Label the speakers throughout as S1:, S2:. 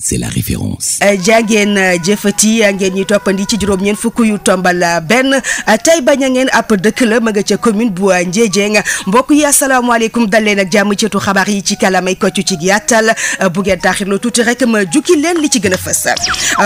S1: c'est la référence.
S2: Eh, jàngeen eh, jëfati eh, ngeen ñuy toppandi ci juróom ñeen fukk yu tombal benn tey bañ a ngeen app dëkk la ma nga ca commune bu Ndiédiène mbokk yi asalaamaaleykum dal leen ak jàmm ceetu xabaar yi ci kalamay kocc ci yàttal bu ngeen loo tuuti rek ma jukki leen li ci gën a fës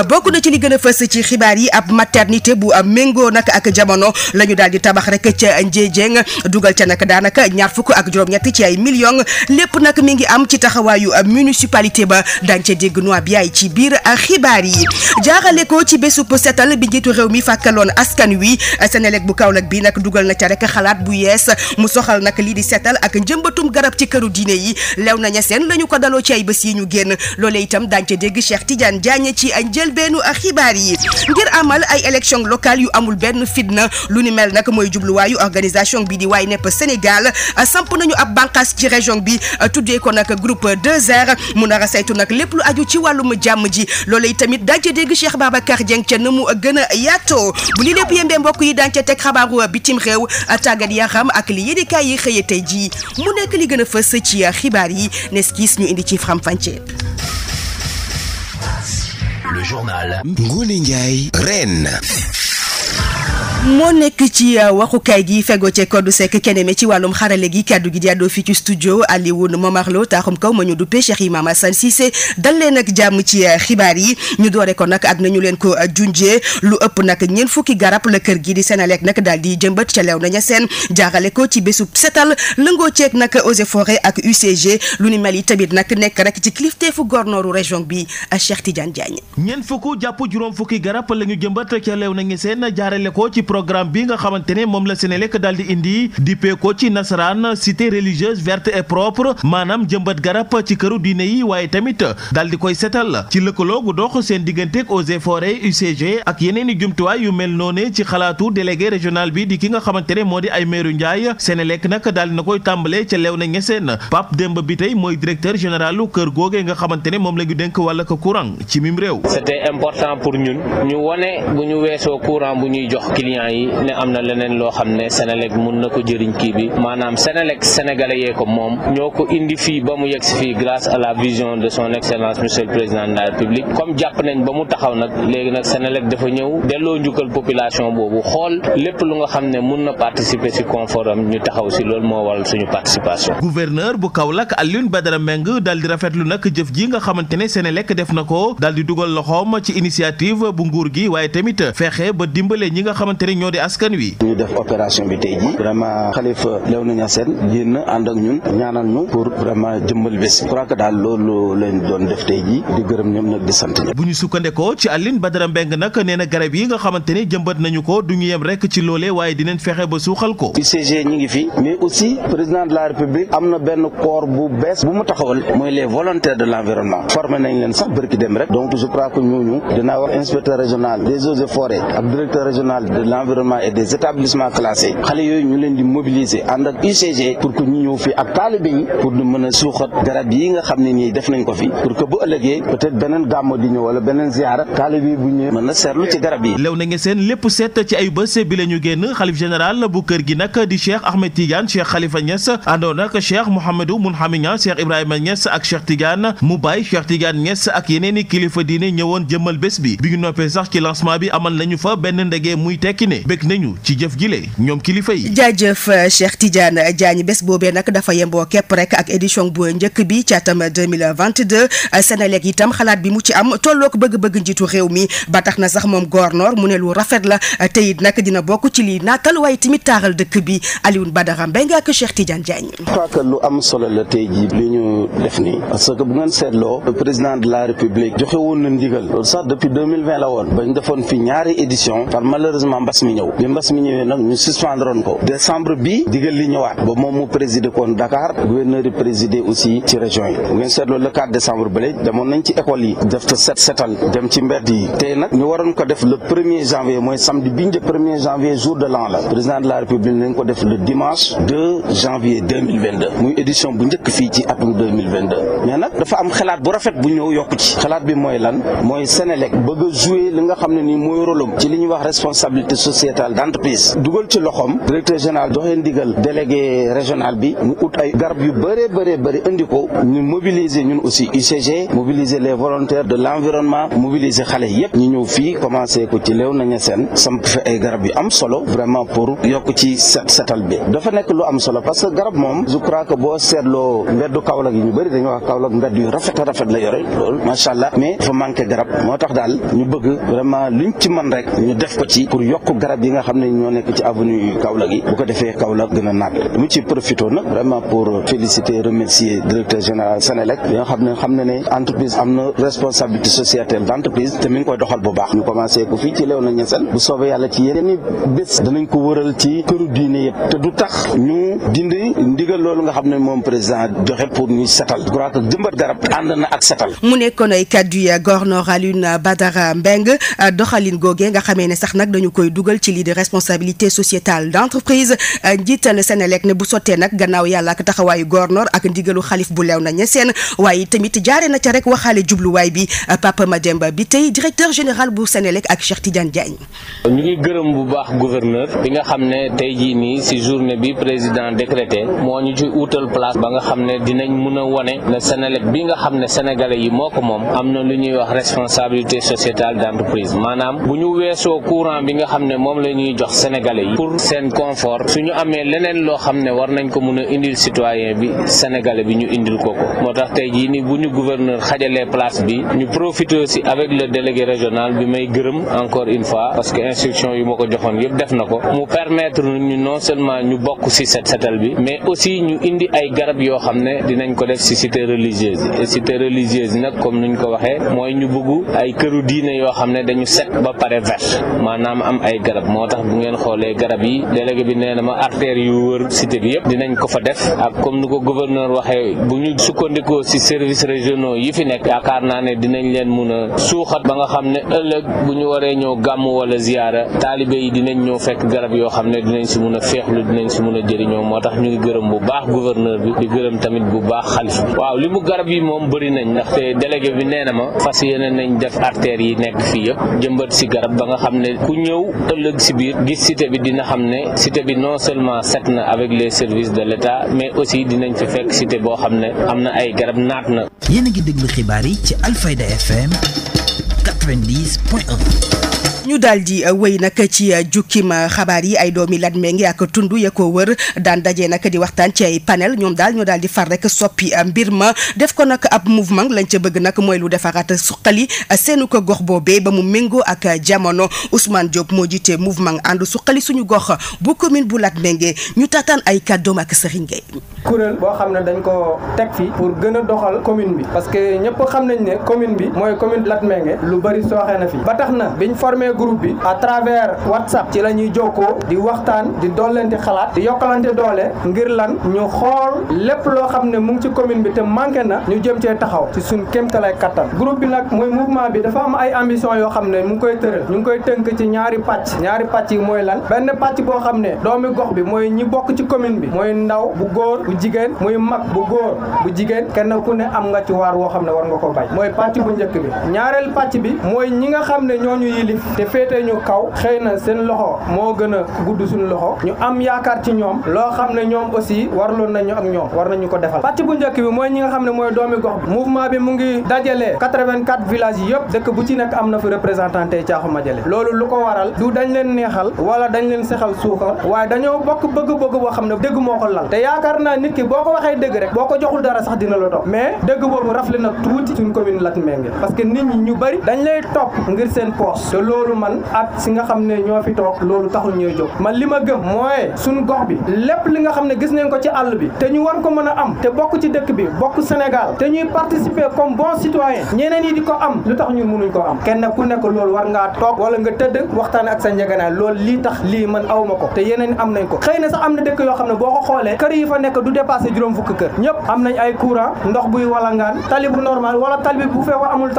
S2: bokk na ci li gën a fës ci xibaar yi ab maternité bu am méngoo nag ak jamono la ñu daal di tabax rek ca Ndiédiène dugal ca nag daanaka ñaar fukk ak juróom-ñett ci ay millions lépp nag mi ngi am ci taxawaayu municipalité ba daañu ca dégg bi yaay ci biir xibaar yi jaaxale ko ci bésub setal bi njiitu réew mi fàkkaloon askan wi seneleg bu kaw Kaolack bi nag dugal na ca rek xalaat bu yees mu soxal nag lii di setal ak njëmbatum garab ci këru diine yi lew na ña seen la ko daloo ci ay bés yi ñu génn loole itam daañu ca dégg cheex Tidiane Diagne ci ay njëlbeenu xibaar yi ngir amal ay élection locale yu amul benn fitna lu ni mel nag mooy jubluwaayu organisation bi di waay nepp Sénégal samp nañu ab bànqaas ci région bi tuddee ko nag groupe 2R mu nar nag lépp wàllum jàmm ji loolee tamit daañu ca dégg Cheikh Babacar Dieng ca na mu gën a yaatoo bu li lépp yembee mbokk yi daañu ca teg xabaaru bitim réew tàggat xam ak li yéenekaay yi xëyee tey jii mu nekk li gën a fës ci ya xibaar yi neskis ñu indi ci faram-fàccee. moo nekk ci euh, waxukaay gi fegoo ci Codou Seck keneen ci wàllum xarale gi kàddu gi di àddoo fii ci studio Alioune Momar Lo taaxum kaw ma ñu duppee yi Imam Assane Cissé dal leen ak jàmm ci euh, xibaar yi ñu doore ko nag ak na ñu leen ko euh, junjee lu ëpp nag ñeen fukki garab la kër gi di Senelec nag daal di jëmbat ca lew ña seen jaarale ko ci bésub setal lëngoo ceeg nag eaux et forêt ak UCG lu ni mel yi tamit nag nekk rek ci fu gornooru région bi Cheikh Tidiane Diagne.
S3: ñeent fukk jàpp juróom fukki garab la ñu jëmbat ca lew nañu seen jaarale ko ci programme bi nga xamante ne moom la lekk daal di indi dippee ko ci nasaraan cité religieuse verte et propre maanaam jëmbat garab ci këru diine yi waaye tamit daal di koy setal ci lëkkaloogu dox seen digganteeg eaux et forêts UCG ak yeneen i jumtuwaay yu mel noone ci xalaatu délégué régional bi di ki nga xamante ne moo di Aymerou Ndiaye Senelec nag daal di na koy tàmbalee ca Léona Niassène Pape Demba tey mooy directeur généralu kër googee nga xamante ne moom la dénk wàll ko courant ci mim réew.
S4: C'était important ñuy jox client yi ne am na leneen loo xam ne Senelec mun na ko jëriñ kii bi maanaam Senelec sénégalais yee ko moom ñoo ko indi fii ba mu yegg si fii grâce à la vision de son excellence monsieur le président de la république comme jàpp nañ ba mu taxaw nag léegi nag Senelec dafa ñëw delloo njukkal population boobu xool lépp lu nga xam ne mun na participer si confort am ñu taxaw si loolu moo waral suñu participation.
S3: gouverneur bu Kaolack Alioune Badara Mbengue daal di rafetlu nag jëf ji na ko daal di dugal loxoom ci initiative bu nguur gi waaye tamit fexe ba xamante ni ñoo di askan wi.
S5: ñu def opération bi tey jii vraiment Khalifa Léona Niassène génn ànd ak ñun ñaanal ñu pour vraiment jëmbal bés bi. je crois que daal loolu lañ doon def tey jii di gërëm ñoom nag di sant ñoom.
S3: bu ñu sukkandekoo ci Aline Badara Mbeng nag nee na garab yi nga xamante ni nañu ko du ñu yem rek ci loolee waaye dinañ fexe ba suuxal ko. UCG ñi ngi fi mais aussi président
S5: de la république am na benn corps bu bees bu mu taxawal mooy les volontaires de l' environnement formé nañ leen sax bërki dem rek donc je crois que ñooñu dinaa wax inspecteur régional l'environnement et des établissements classés xale yooyu ñu leen di mobiliser ànd ak UCG pour que ñu ñëw fii ak taalibe yi pour ñu mën a suuxat garab yi nga xam ne nii def nañ ko fi pour que bu ëllëgee peut-être beneen gàmmo di ñëw wala beneen ziara taalibe yi bu ñëwee mën na seetlu ci garab yi.
S3: lew na ngeen seen lépp seet ci ay bés bi la ñu génn xalif général bu kër gi nag di cheikh Ahmed Tidiane cheikh Khalifa Niass àndoon ak cheikh Mouhamadou Mounhami Niass cheikh Ibrahima mu bàyyi cheikh Tidiane Niass ak yeneen i kilifa diine ñëwoon jëmmal bés bi bi ñu noppee sax ci lancement bi amal nañu fa benn ndege ne bëgg nañu ci jëf gile ñoom kilifa yi.
S2: jaajëf euh, Cheikh Tidiane Diagne bés boobee nag dafa yemboo képp rek ak édition bu njëkk bi ci atam 2022 euh, Sénélec itam xalaat bi mu ci am tolloog bëgg-bëgg njiitu réew mi ba tax na sax moom Gornoor mu ne lu rafet la euh, te it nag dina bokk ci lii naatal waaye tamit taaxal dëkk bi Alioune Badara Mbengue ak Cheikh Tidiane Diagne.
S5: je crois que lu am solo la tey jii li ñu def nii parce que bu ngeen seetloo le président de la république joxe woon na ndigal loolu sax la woon ba mbas mi ñëw bi mbas mi ñëwee nag ñu suspendroon ko décembre bi digal li ñëwaat ba moom mu présidé koon Dakar gouverneur yi présidé aussi ci région yi bu ngeen seetloo le 4 décembre bële demoon nañ ci école yi def te set setal dem ci mbedd yi tey nag ñu waroon ko def le premier janvier mooy samedi bi ñu premier janvier jour de l'an président de la république nañ ko def le dimanche muy édition bu njëkk fii ci atum 2022 dafa am xalaat bu rafet sociétal d' entreprise dugal ci loxoom directeur général joxe ndigal délégué régional bi mu ut ay garab yu bëree bëree bëri indi ko ñu mobiliser ñun aussi UCG mobiliser les volontaires de l' environnement mobiliser xale yëpp ñu ñëw fii commencé ko ci léew nañu seen samp fi ay garab yu am solo vraiment pour yokk ci set setal bi dafa nekk lu am solo parce que garab moom je crois que boo seetloo mbeddu Kaolack yi ñu bëri dañuy wax Kaolack mbedd yu rafet a rafet la yore loolu yokk garab yi nga xam ne ñoo nekk ci avenue Kaolack yi bu ko defee Kaolack gën a naat mu ci profité vraiment pour féliciter remercier directeur général Sénélec bi nga xam ne ne entreprise am na responsabilité sociétale d'entreprise te mi ngi koy doxal bu baax ñu commencé ko fii ci Léona Niassène bu soobee yàlla ci yeneen i danañ ko wëral ci këru diine yëpp te du tax ñu dindi ndigal loolu nga xam ne moom président joxe pour ñu setal
S2: je que jëmbat dugal ci lii di responsabilité sociétale d'entreprise euh, njiital Senelec ne bu sottee nag gannaaw yàlla ak taxawaayu gornor ak ndigalu xalif bu leew na ñe seen waaye tamit jaare na ca rek waxaale jubluwaay bi euh, Papa Mademba bi tey directeur général bu Senelec ak Cheikh Tidiane Diagne.
S4: ñu ngi gërëm bu baax gouverneur bi nga xam ne tey jii nii si journée bi président décrété moo ñu ci wutal place ba nga xam ne dinañ mun a wane ne Senelec bi nga xam ne sénégalais yi moo ko moom am na lu ñuy wax responsabilité sociétale d'entreprise ne moom la ñuy jox sénégalais yi pour seen confort su ñu amee leneen loo xam ne war nañ ko mun a indil citoyen bi sénégalais bi ñu indil ko ko moo tax tey jii nii bu ñu gouverneur xajalee place bi ñu profité aussi avec le délégué régional bi may gërëm encore une fois parce que instruction yu ma ko joxoon yëpp def na ko mu permettre ñu non seulement ñu bokk ci set setal bi mais aussi ñu indi ay garab yoo xam ne dinañ ko def ci cité religieuse et cité religieuse nag comme nuñ ko waxee mooy ñu bëgg ay këru diine yoo xam ne dañu ba pare garab moo tax bu ngeen xoolee garab yi délégué bi nee na ma artère yu wër cité bi yëpp dinañ ko fa def ak comme nu ko gouverneur waxee bu ñu sukkandikoo si service régionaux yi fi nekk yaakaar naa ne dinañ leen mun a suuxat ba nga xam ne ëllëg bu ñu waree ñëw gàmm wala ziyaara taalibe yi dinañ ñëw fekk garab yoo xam ne dinañ ci mun a feexlu dinañ ci mun a jëriñoo moo tax ñu ngi gërëm bu baax gouverneur bi di gërëm tamit bu baax xalif bi waaw li garab yi moom bëri nañ ndaxte délégué bi nee na ma fas yéene nañ def artère yi nekk fii yëpp jëmbat ci garab ba nga xam ne ku ëllëg si biir gis cité bi dina xam ne cité bi non seulement set na avec les services de l'État mais aussi dinañ fi fekk cité boo xam ne am na ay garab naat na.
S6: yéen a ngi déglu xibaar yi ci Alfayda FM
S2: ñu daal di euh, wéy nag ci euh, jukkim euh, xabaar yi ay doomi Latmingué ak tund ya ko wër daan daje nag di waxtaan ci ay panel ñoom daal ñoo daal di far rek soppi mbir ma def ko nag ab mouvement lañ ca bëgg nag mooy lu defaraat suqali seenu ko gox boo boobee ba mu méngoo ak jamono Ousmane Diop moo jiite mouvement ànd suqali suñu gox bu commune bu Latmingué ñu taataan ay kàddoom ak Serigne Gueye.
S7: kuréel boo xam ne dañ ko teg fi pour gën a doxal commune bi parce que ñëpp xam nañ créé groupe bi a travers WhatsApp ci la ñuy jokkoo di waxtaan di dollante xalaat di yokkalante doole ngir lan ñu xool lépp loo xam ne mu ngi ci commune bi te manqué na ñu jëm cee taxaw ci suñ kéemtalaay kattan groupe bi nag mooy mouvement bi dafa am ay ambition yoo xam ne mu ngi koy tëral ñu ngi koy tënk ci ñaari pàcc ñaari pàcc yi mooy lan benn pàcc boo xam ne doomi gox bi mooy ñi bokk ci commune bi mooy ndaw bu góor bu jigéen muy mag bu góor bu jigéen kenn ku ne am nga ci waar woo xam ne war nga ko bay mooy pàcc bu njëkk bi te féetee ñu kaw xëy na seen loxo moo gën a gudd suñu loxo ñu am yaakaar ci ñoom loo xam ne ñoom aussi war warloon nañu ak ñoom war nañu ko defal pàcc bu njëkk bi mooy ñi nga xam ne mooy doomi gox bi mouvement bi mu ngi dajale 84 villages yëpp dëkk bu ci nekk am na fi représentant tey Caaxuma Jële loolu lu ko waral du dañ leen neexal wala dañ leen sexal suukar waaye dañoo bokk bëgg-bëgg boo xam ne dëgg moo ko lal te yaakaar naa nit ki boo ko waxee dëgg rek boo ko joxul dara sax dina la topp mais dëgg boobu rafle na tuuti suñ commune Latmingué parce que nit ñi ñu dañ lay topp ngir seen poche loolu man ak si nga xam ne ñoo fi toog loolu taxul ñuy jóg man li ma gëm mooy suñ gox bi lépp li nga xam ne gis nañ ko ci àll bi te ñu war ko mën a am te bokk ci dëkk bi bokk Sénégal te ñuy participer comme bon citoyen ñeneen yi di ko am lu tax ñu mënuñ ko am kenn ku nekk loolu war ngaa toog wala nga tëdd waxtaan ak sa njeganaay loolu lii tax lii man aw ma ko te yeneen am nañ ko xëy na sax am na dëkk yoo xam ne boo ko xoolee kër yi fa nekk du dépassé juróom fukki kër ñëpp am nañ ay courant ndox buy walangaan tali bu normal wala tali bi bu fekkoo amul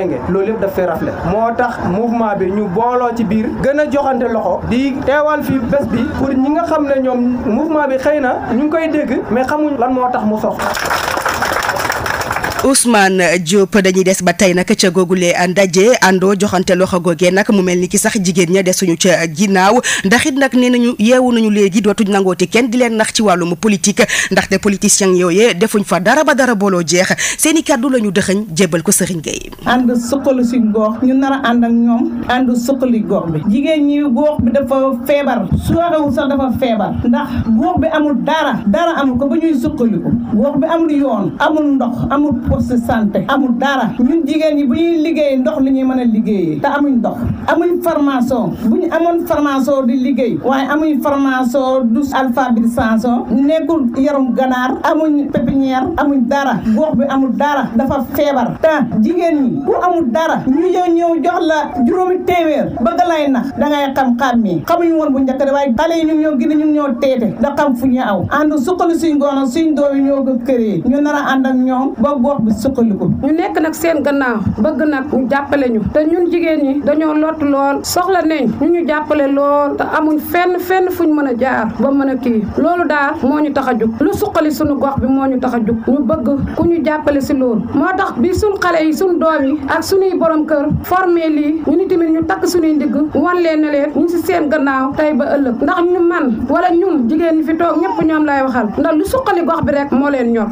S7: Mbengue loolu yëpp daf fee rafle moo tax movement bi ñu booloo ci biir gën a joxante loxo di teewal fi bés bi pour ñi nga xam ne ñoom mouvement bi xëy na ñu ngi koy dégg mais xamuñu lan moo tax mu sox
S2: Ousmane Diop dañuy des ba tey nag ca googule ndaje àndoo joxante loxo googee nak mu mel ni ki sax jigéen ña desuñu ca ginnaaw ndax it nag nee nañu yeewu nañu léegi dootuñ nangooti kenn di leen nax ci wàllu wàllum politique ndaxte politiciens yooyee defuñ fa dara ba dara booloo jeex seen i kàddu lañu ñu dëxëñ jébbal ko Serigne Gueye.
S8: ànd suqali si gox ñu nar a ànd ak ñoom ànd suqali gox bi jigéen ñi gox bi dafa feebar su waxewu sax dafa feebar ndax gox bi amul dara amul ko ba ñuy ko gox bi amul yoon amul ndox poste santé amul dara ñun jigéen ñi bu ñuy liggéey ndox li ñuy mën a liggéeyee te amuñ ndox amuñ formation bu ñu amoon formation di liggéey waaye amuñ formation du alphabétisation nekkul yarum ganaar amuñ pépinière amuñ dara gox bi amul dara dafa feebar te jigéen ñi ku amul dara ñu ñëw ñëw jox la juróomi téeméer bëgg lay nax da ngay xam xàmmee xamuñ woon bu njëkk de waaye xale yi ñun ñoo gën a ñun ñoo teete da xam fu ñu aw ànd suqali suñ goona suñ doom yi ñoo ko këree
S9: bu sukkandiku ñu nekk nag seen gannaaw bëgg nag ñu jàppale ñu te ñun jigéen ñi dañoo lott lool soxla nañ ñu ñu jàppale lool te amuñ fenn fenn fuñ mën a jaar ba mën a kii loolu daal moo ñu tax a jug lu suqali suñu gox bi moo ñu tax a jug ñu bëgg ku ñu jàppale si loolu moo tax bi suñ xale yi suñ doom yi ak suñuy borom kër formé lii ñu ni tamit ñu takk suñuy ndigg wan leen ne leen ñu si seen gannaaw tey ba ëllëg ndax ñu man wala ñun jigéen ñi fi toog ñëpp ñoom lay waxal gox bi rek moo leen ñor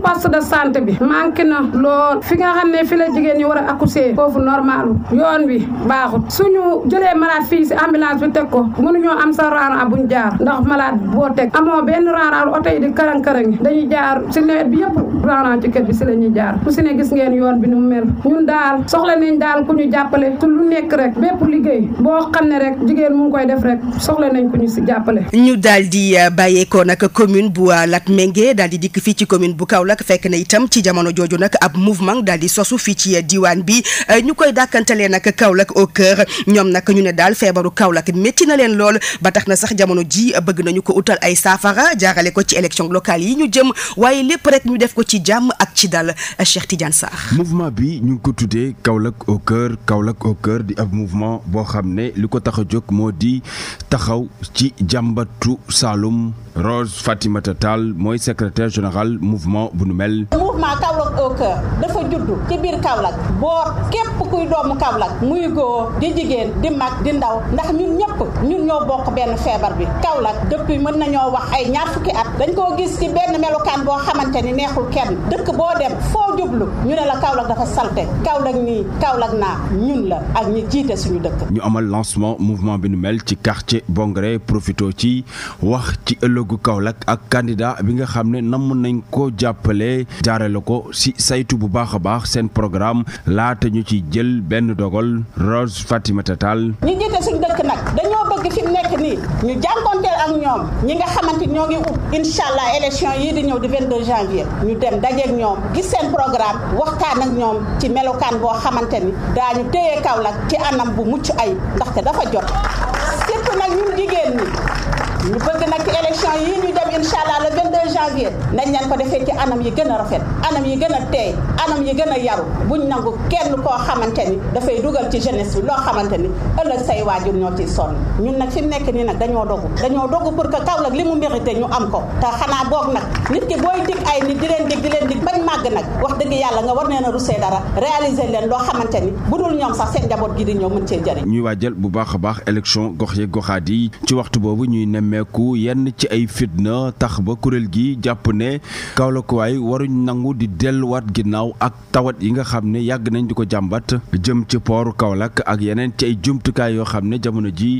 S9: poste de santé bi manqué na lool fi nga xam ne fi la jigéen ñi war a accoucher foofu normalu yoon wi baaxut suñu jëlee malade fii si ambulance bi teg ko mënuñoo am sa raara buñ jaar ndax malade boo teg amoo benn raaraalu oto yi di karang-karangi dañuy jaar si nawet bi yëpp raaraan ci kër bi si la jaar ku si ne gis ngeen yoon bi nu mel ñun daal soxla nañ daal ku ñu jàppale su lu nekk rek bépp liggéey boo xam ne rek jigéen mu ngi koy def rek soxla nañ ku ñu si jàppale
S2: ñu daal di euh, bàyyeekoo nag commune bu euh, Latmingué daal di dikk fii ci commune bu Kaolack nag fekk na itam ci jamono jooju nag ab mouvement daal di sosu fii ci diwaan bi eh, ñu koy dàkkantalee nag Kaolack au cœur ñoom nag ñu ne daal feebaru Kaolack métti na leen lool ba tax na sax jamono ji bëgg nañu ko utal ay saafara jaarale ko ci élection locale yi ñu jëm waaye lépp rek ñu def ko ci jàmm ak ci dal eh, Cheikh Tidiane Sarr.
S10: mouvement bi ñu ngi ko tuddee Kaolack au cœur Kaolack di mouvement boo xam ne li ko tax a jóg moo di taxaw ci jàmbatu Saloum Rose Fatimata Tall mooy secrétaire général mouvement. bu nu mel.
S8: mouvement Kaolack au dafa juddu ci biir Kaolack boor képp kuy doomu Kaolack muy góor di jigéen di mag di ndaw ndax ñun ñëpp ñun ñoo bokk benn feebar bi Kaolack depuis mën nañoo wax ay ñaar fukki at dañ koo gis ci benn melukaan boo xamante ni neexul kenn dëkk boo dem foo jublu ñu ne la Kaolack dafa salte Kaolack nii Kaolack naa ñun la ak ñi jiite suñu dëkk.
S10: ñu amal lancement mouvement bi nu mel ci quartier Bongré profito ci wax ci ëllëgu Kaolack jàppale jaarale ko si saytu bu baax a baax seen programme laata ñu ci jël benn dogal Rose Fatimata Tall.
S8: jiite suñu dëkk nag dañoo bëgg fi nekk nii ñu jànkonteel ak ñoom ñi nga xamante ñoo ngi ut incha allah yii di ñëw di janvier ñu dem dajeeg ñoom gis seen programme waxtaan ak ñoom ci melokaan boo xamante ni daañu téye Kaolack ci anam bu mucc ayib ndaxte dafa jot surtout nag ñun jigéen ñi. ñu bëgg nag ci élection yi ñu dem incha allah le 22 janvier nañ leen ko defee ci anam yi gën a rafet anam yi gën a teey anam yi gën a yaru buñ nangu kenn koo xamante ni dafay dugal ci jeunesse bi loo xamante ni ëllëg say waajur ñoo ciy sonn ñun nag fi nekk nii nag dañoo dogu dañoo dogu pour kaw Kaolack li mu mérité ñu am ko te xanaa boog nag nit ki booy dig ay nit di leen dig di leen dig bañ màgg nag wax dëgg yàlla nga war nee na rusee dara réaliser loo xamante ni bu dul ñoom sax seen njaboot gi di ñëw mën cee jëriñ
S10: ñuy waajal bu baax a baax élection gox yeeg goxaat ci waxtu boobu ñuy nemmeeku yenn ci ay fitna tax ba kuréel gi jàpp ne Kaolack waay waruñ nangu di delluwaat ginnaaw ak tawat yi nga xam ne yàgg nañ di ko jàmbat jëm ci pooru Kaolack ak yeneen ci ay jumtukaay yoo xam ne jamono ji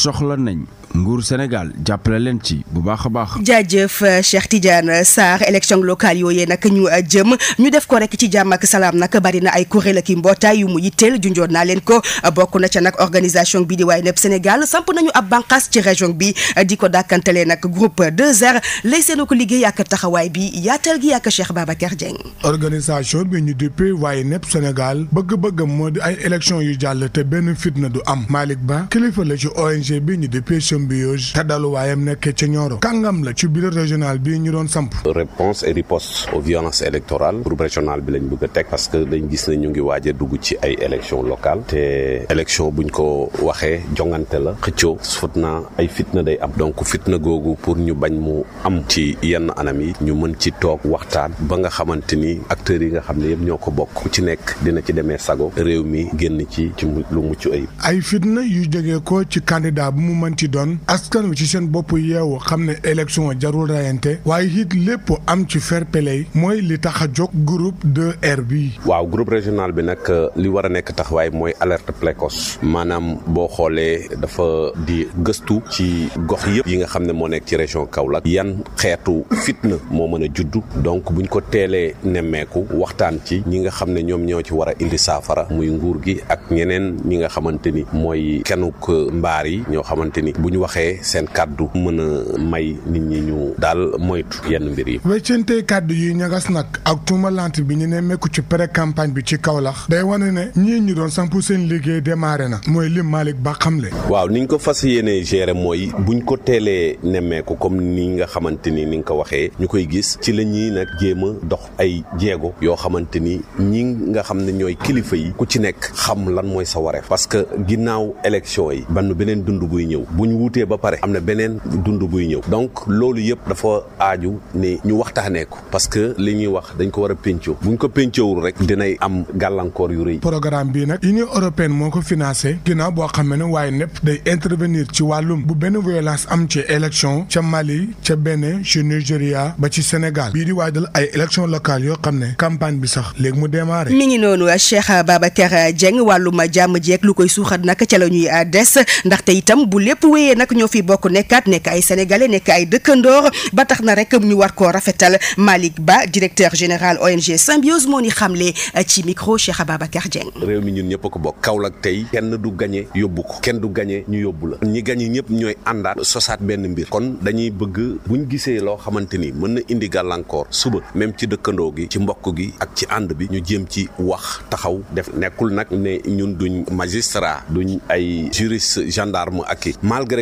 S10: soxla nañ nguur Sénégal jàppale leen ci bu baax a baax.
S2: jaajëf euh, Cheikh Tidiane Sarr élection locale yooye nag ñu euh, jëm ñu def ko rek ci jàmm ak salaam nag bari na ay kuréel ak i mbootaay yu mu yitteel junjoon naa leen ko bokk na ca nag organisation bi di Wayeneb Sénégal samp nañu ab bànqaas ci région bi euh, di ko dàkkantelee nag groupe 2R lay seenoo ko liggéey ak taxawaay bi yaatal gi ak Cheikh Babacar Dieng.
S11: organisation bi ñu duppee Wayeneb Sénégal bëgg-bëgg moo di ay yu jàll te benn am Malick bi ñu Dembiyoj te daluwaayam nekkee ca Nioro kàngam la ci bureau régional bii ñu doon samp
S12: réponse et riposte aux violences électorales groupe régional bi lañ bëgg a teg parce que dañ gis ne ñu ngi waaj a dugg ci ay élection locale te élection buñ ko waxee jongante la xëccoo fut na ay fitna day am donc fitna googu pour ñu bañ mu am ci yenn anam yi ñu mën ci toog waxtaan ba nga xamante ni acteurs yi nga xam ne yëpp ñoo ko bokk ku ci nekk dina ci demee sago réew mi génn ci ci
S11: yoon askan wi ci seen bopp yeewu xam ne élection jarul rayante waaye it lépp am ci fair mooy li tax a jóg groupe 2R
S12: bi. waaw groupe régional bi nag euh, li war a nekk taxawaay mooy alerte précoce maanaam boo xoolee dafa di gëstu ci gox yëpp yi nga xam ne moo nekk ci région Kaolack yan xeetu fitna moo mën a juddu donc buñ ko teelee nemmeeku waxtaan ci ñi nga xam ne ñoom ñoo ci war a indi saafara muy nguur gi ak ñeneen ñi nga xamante ni mooy kenuk mbaar waxee seen kàddu mën a may nit ñi ñu daal moytu yenn mbir yi.
S11: weccante kàddu yi ñagas nag ak tuumalante bi ñu ne mekku ci pré campagne bi ci Kaolack day wane ne ñii ñu doon samp seen liggéey démarré na mooy lim Malick Ba le
S12: waaw niñ ko fas yéenee gérer mooy buñ ko teelee nemmeeku comme ni nga xamante ni ni nga ko waxee ñu koy gis ci la ñuy nag jéem a dox ay jéego yoo xamante ni ñi nga xam ne ñooy kilifa yi ku ci nekk xam lan mooy sa wareef parce que ginnaaw élection yi ban beneen dund buy ñëw wutee ba pare am na beneen dund buy ñëw donc loolu yëpp dafa aaju ni ñu waxtaanee ko parce que li ñuy wax dañ ko war a péncoo buñ ko péncoowul rek dinay am gàllankoor yu
S11: programme bii nag union européenne moo ko financé ginnaaw boo xam ne waaye nepp day intervenir ci wàllum bu benn violence am ci élection ca Mali ca Bénin ca Nigeria ba ci Sénégal bii di waajal ay élection locale yoo xam ne campagne bi sax léegi mu démarré. mi
S2: ngi noonu Cheikh Babacar Dieng wàllum jàmm jeeg lu koy suuxat nak ca la ñuy des ndaxte itam bu lépp wéyee nag ñoo fi bokk nekkaat nekk ay sénégalais nekk ay dëkkandoor ba tax na rek ñu war koo rafetal Malick Ba directeur général ONG Symbiose moo ni xamle eh, ci micro Cheikh Ababacar Dieng.
S12: réew mi ñun ñëpp ko bokk Kaolack tey kenn du gagné yóbbu ko kenn du gagné ñu yóbbu la ñi gagné ñëpp ñooy àndaat sosaat benn mbir kon dañuy bëgg buñ gisee loo xamante ni mën na indi gàllankoor suba même ci dëkkandoo gi ci mbokk gi ak ci ànd bi ñu jéem ci wax taxaw def nekkul nag ne ñun duñ magistrat duñ ay juriste gendarme ak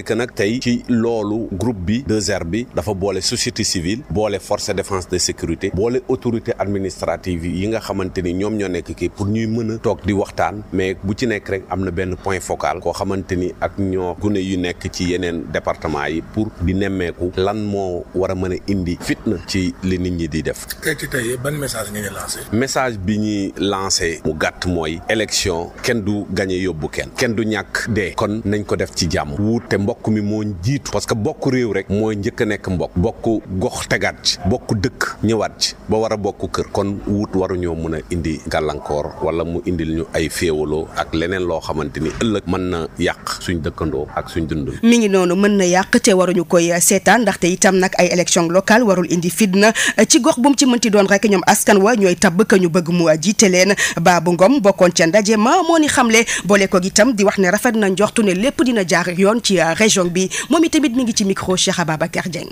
S12: que nag tey ci loolu groupe bi 2R bi dafa boole société civile boole force de défense de sécurité boole autorité administrative yi nga xamante ni ñoom ñoo nekk kii pour ñuy mën a toog di waxtaan mais bu ci nekk rek am na benn point focal koo xamante ni ak ñoo gune yu nekk ci yeneen département yi pour di nemmeeku lan moo war a mën a indi fitna ci li nit ñi di def.
S11: tey ci tey ban message ngeen lancé.
S12: message bi ñuy lancé mu gàtt mooy élection kenn du gagné yóbbu kenn kenn du ñàkk dee kon nañ ko def ci jàmm mbokk mi moo jiitu parce que bokk réew rek mooy njëkk a nekk mbokk bokk gox tegaat ci bokk dëkk ñëwaat ci ba war a bokk kër kon wut waru waruñoo mun a indi gàllankoor wala mu indi lu ñu ay féewaloo ak leneen loo xamante ni ëllëg mën na yàq suñ dëkkandoo ak suñ dund
S2: mi ngi noonu mën na yàq te ñu koy seetaan ndaxte itam nag ay élection locale warul indi fitna ci gox bu mu ci mënti doon rek ñoom askan wa ñooy tabb ka ñu bëgg mu a jiite leen Babou Ngom bokkoon ca ndaje ma moo ni xamle boole ko itam di wax ne rafet na njortu ne lépp dina jaar yoon région bi moom itamit mi ngi ci micro Cheikh Ababacar Dieng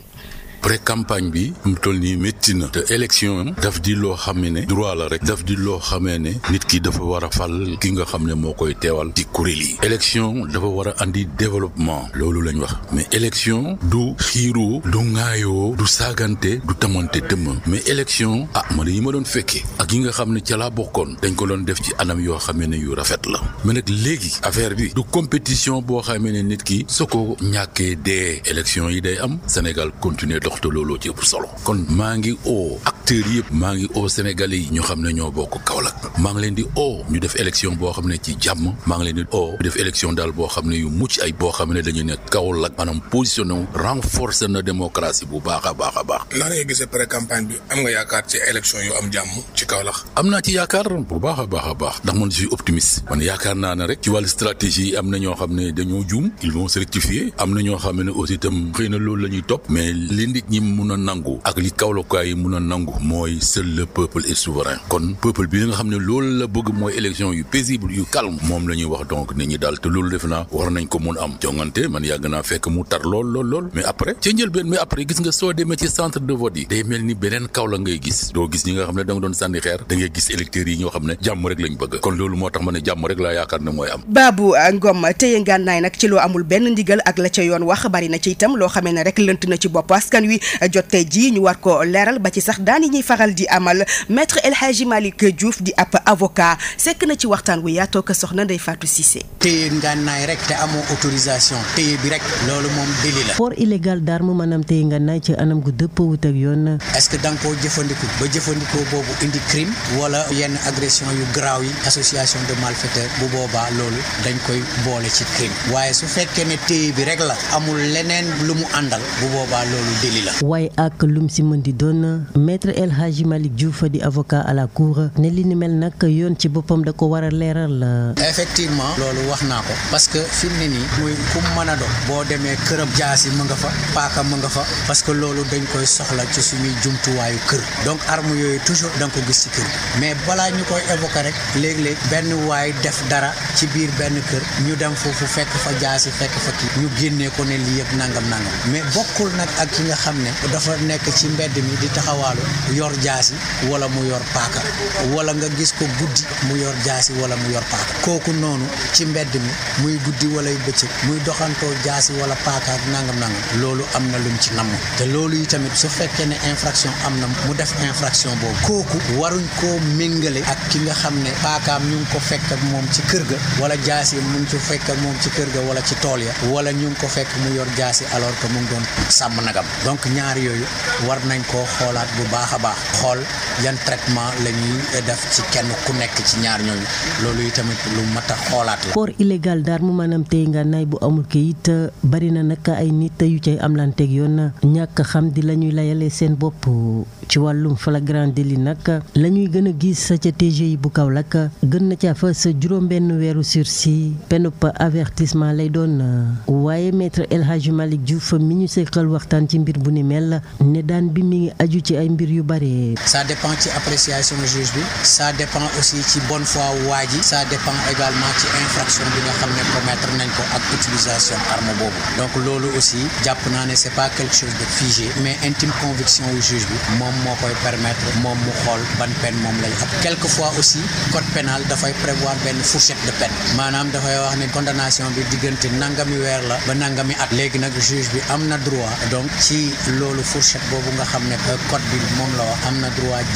S13: pré campagne bi mu toll nii métti na te élection am di loo xam ne droit la rek daf di loo xamee ne nit ki dafa war a fal ki nga xam ne moo koy teewal ci kuréel yi élection dafa war a àndi développement loolu lañ wax mais élection du xiiroo du ŋaayoo du saagante du tamante dëmm mais élection ah man yi ma doon fekkee ak yi nga xam ne ca laa bokkoon dañ ko doon def ci anam yoo xamee ne yu rafet la mais nag léegi affaire bi du compétition boo xamee ne nit ki soo ko ñàkkee dee élection yi day am Sénégal continuer te looloo ci ëpp solo kon maa ngi oo acteurs yëpp maa ngi oo Sénégalais yi ñu xam ne ñoo bokk Kaolack maa ngi leen di oo ñu def élection boo xam ne ci jàmm maa ngi leen di oo ñu def élection boo xam ne yu mucc ay boo xam ne dañu ne baax a a baax. nan
S11: ngay gisee pré campagne bi
S13: am nga yaakaar ci jàmm ci Kaolack. am naa ci yaakaar bu baax a baax a baax ndax man je suis optimiste man yaakaar naa ne rek ci wàllu stratégie am na ñoo xam ne dañoo juum ils vont se am na ñoo xam ne aussi itam xëy na loolu la ñuy topp mais li nit ñi mun a nangu ak li Kaolackaay yi mun a nangu mooy seul le peuple est souverain kon peuple bi nga xam ne loolu la bëgg mooy élection yu paisible yu calme moom la ñuy wax donc nit ñi daal te loolu def naa war nañ ko mun am jongante man yàgg naa fekk mu tar lool lool mais après ca njëlbeen mais après gis nga soo demee ci centre de vote yi day mel ni beneen kaw la ngay gis doo gis ñi nga xam ne da nga doon sànni xeer da ngay gis électeurs yi ñoo xam ne jàmm rek lañ bëgg kon loolu moo tax ma ne jàmm
S2: li ñuy faral di amal maître El Hadji na ci waxtaan wu yaatoo ko soxna Ndeye Fatou
S1: téye ngànnaay rek te amoo autorisation téye bi rek loolu moom déli la.
S6: port illégal d'arme maanaam téye ngànnaay ci anam gu dëppoowut ak yoon.
S1: est-ce que da nga koo jëfandiku ba jëfandikoo boobu indi crime wala yenn agression yu garaaw yi association de malfaiteurs bu boobaa loolu dañ koy boole ci crime waaye su fekkee ne téye bi rek la amul leneen lu mu àndal bu boobaa loolu déli la.
S6: waaye ak lum si mën di doon El Hadji Malick Diouf di avocat à la cour ne li ni mel nag yoon ci boppam da ko war a leeral la.
S1: effectivement loolu wax naa ko parce que fi mu ne nii muy ku mën a doon boo demee këram jaasi mu nga fa paaka mu nga fa parce que loolu dañ koy soxla ci suñuy jumtuwaayu kër donc arme yooyu toujours da nga ko gis ci kër mais balaa ñu koy évoquer rek léeg-léeg benn waay def dara ci biir benn kër ñu dem foofu fekk fa jaasi fekk fa kii ñu génnee ko ne lii yëpp nangam na mais bokkul nag ak ki nga xam ne dafa nekk ci mbedd mi di taxawaalu yor jaasi wala mu yor paaka wala nga gis ko guddi mu yor jaasi wala mu yor paaka kooku noonu ci mbedd mi muy guddi walay bëccëg muy doxantoo jaasi wala paaka ak nangam nangam loolu am na lum ci namm te loolu yi tamit su fekkee ne infraction am na mu def infraction boobu kooku waruñ koo méngale ak ki nga xam ne paakaam ñu ngi ko fekk ak moom ci kër ga wala jaasi mu ngi ko moom ci kër ga wala ci tool ya wala ñu ngi ko fekk mu yor jaasi alors que mu ngi doon sàmm nagam donc ñaar yooyu a baax xool yan traitement la ñuy def ci kenn ku nekk ci ñaar ñooñu loolu yi lu mat xoolaat
S6: la. port illégal daal mu maanaam tey nga nay bu amul kayit bari na nag ay nit yu cay amlanteeg lanteeg yoon ñàkk xam di lañuy layale seen bopp ci wàllum flagrant délit nag la ñuy gën a gis ca TGI bu Kaolack gën na caa fa sa juróom-benn weeru sursis penub avertissement lay doon waaye maître El Hadji Malick mi ñu seqal waxtaan ci mbir bu ni mel ne daan yu bare. ça dépend ci
S1: appréciation juge bi ça dépend aussi ci bonne foi waa ji ça dépend également ci infraction bi nga xam ne commettre nañ ko ak utilisation arme boobu donc loolu aussi jàpp naa ne c'est pas quelque chose de figé mais intime conviction wu juge bi moom moo koy permettre moom mu xool ban peine moom lay ab fois aussi code pénal dafay prévoir benn fourchette de peine maanaam dafay wax ni condamnation bi diggante nangami weer la ba nangami at léegi nag juge bi am na droit donc moom la wax am na droit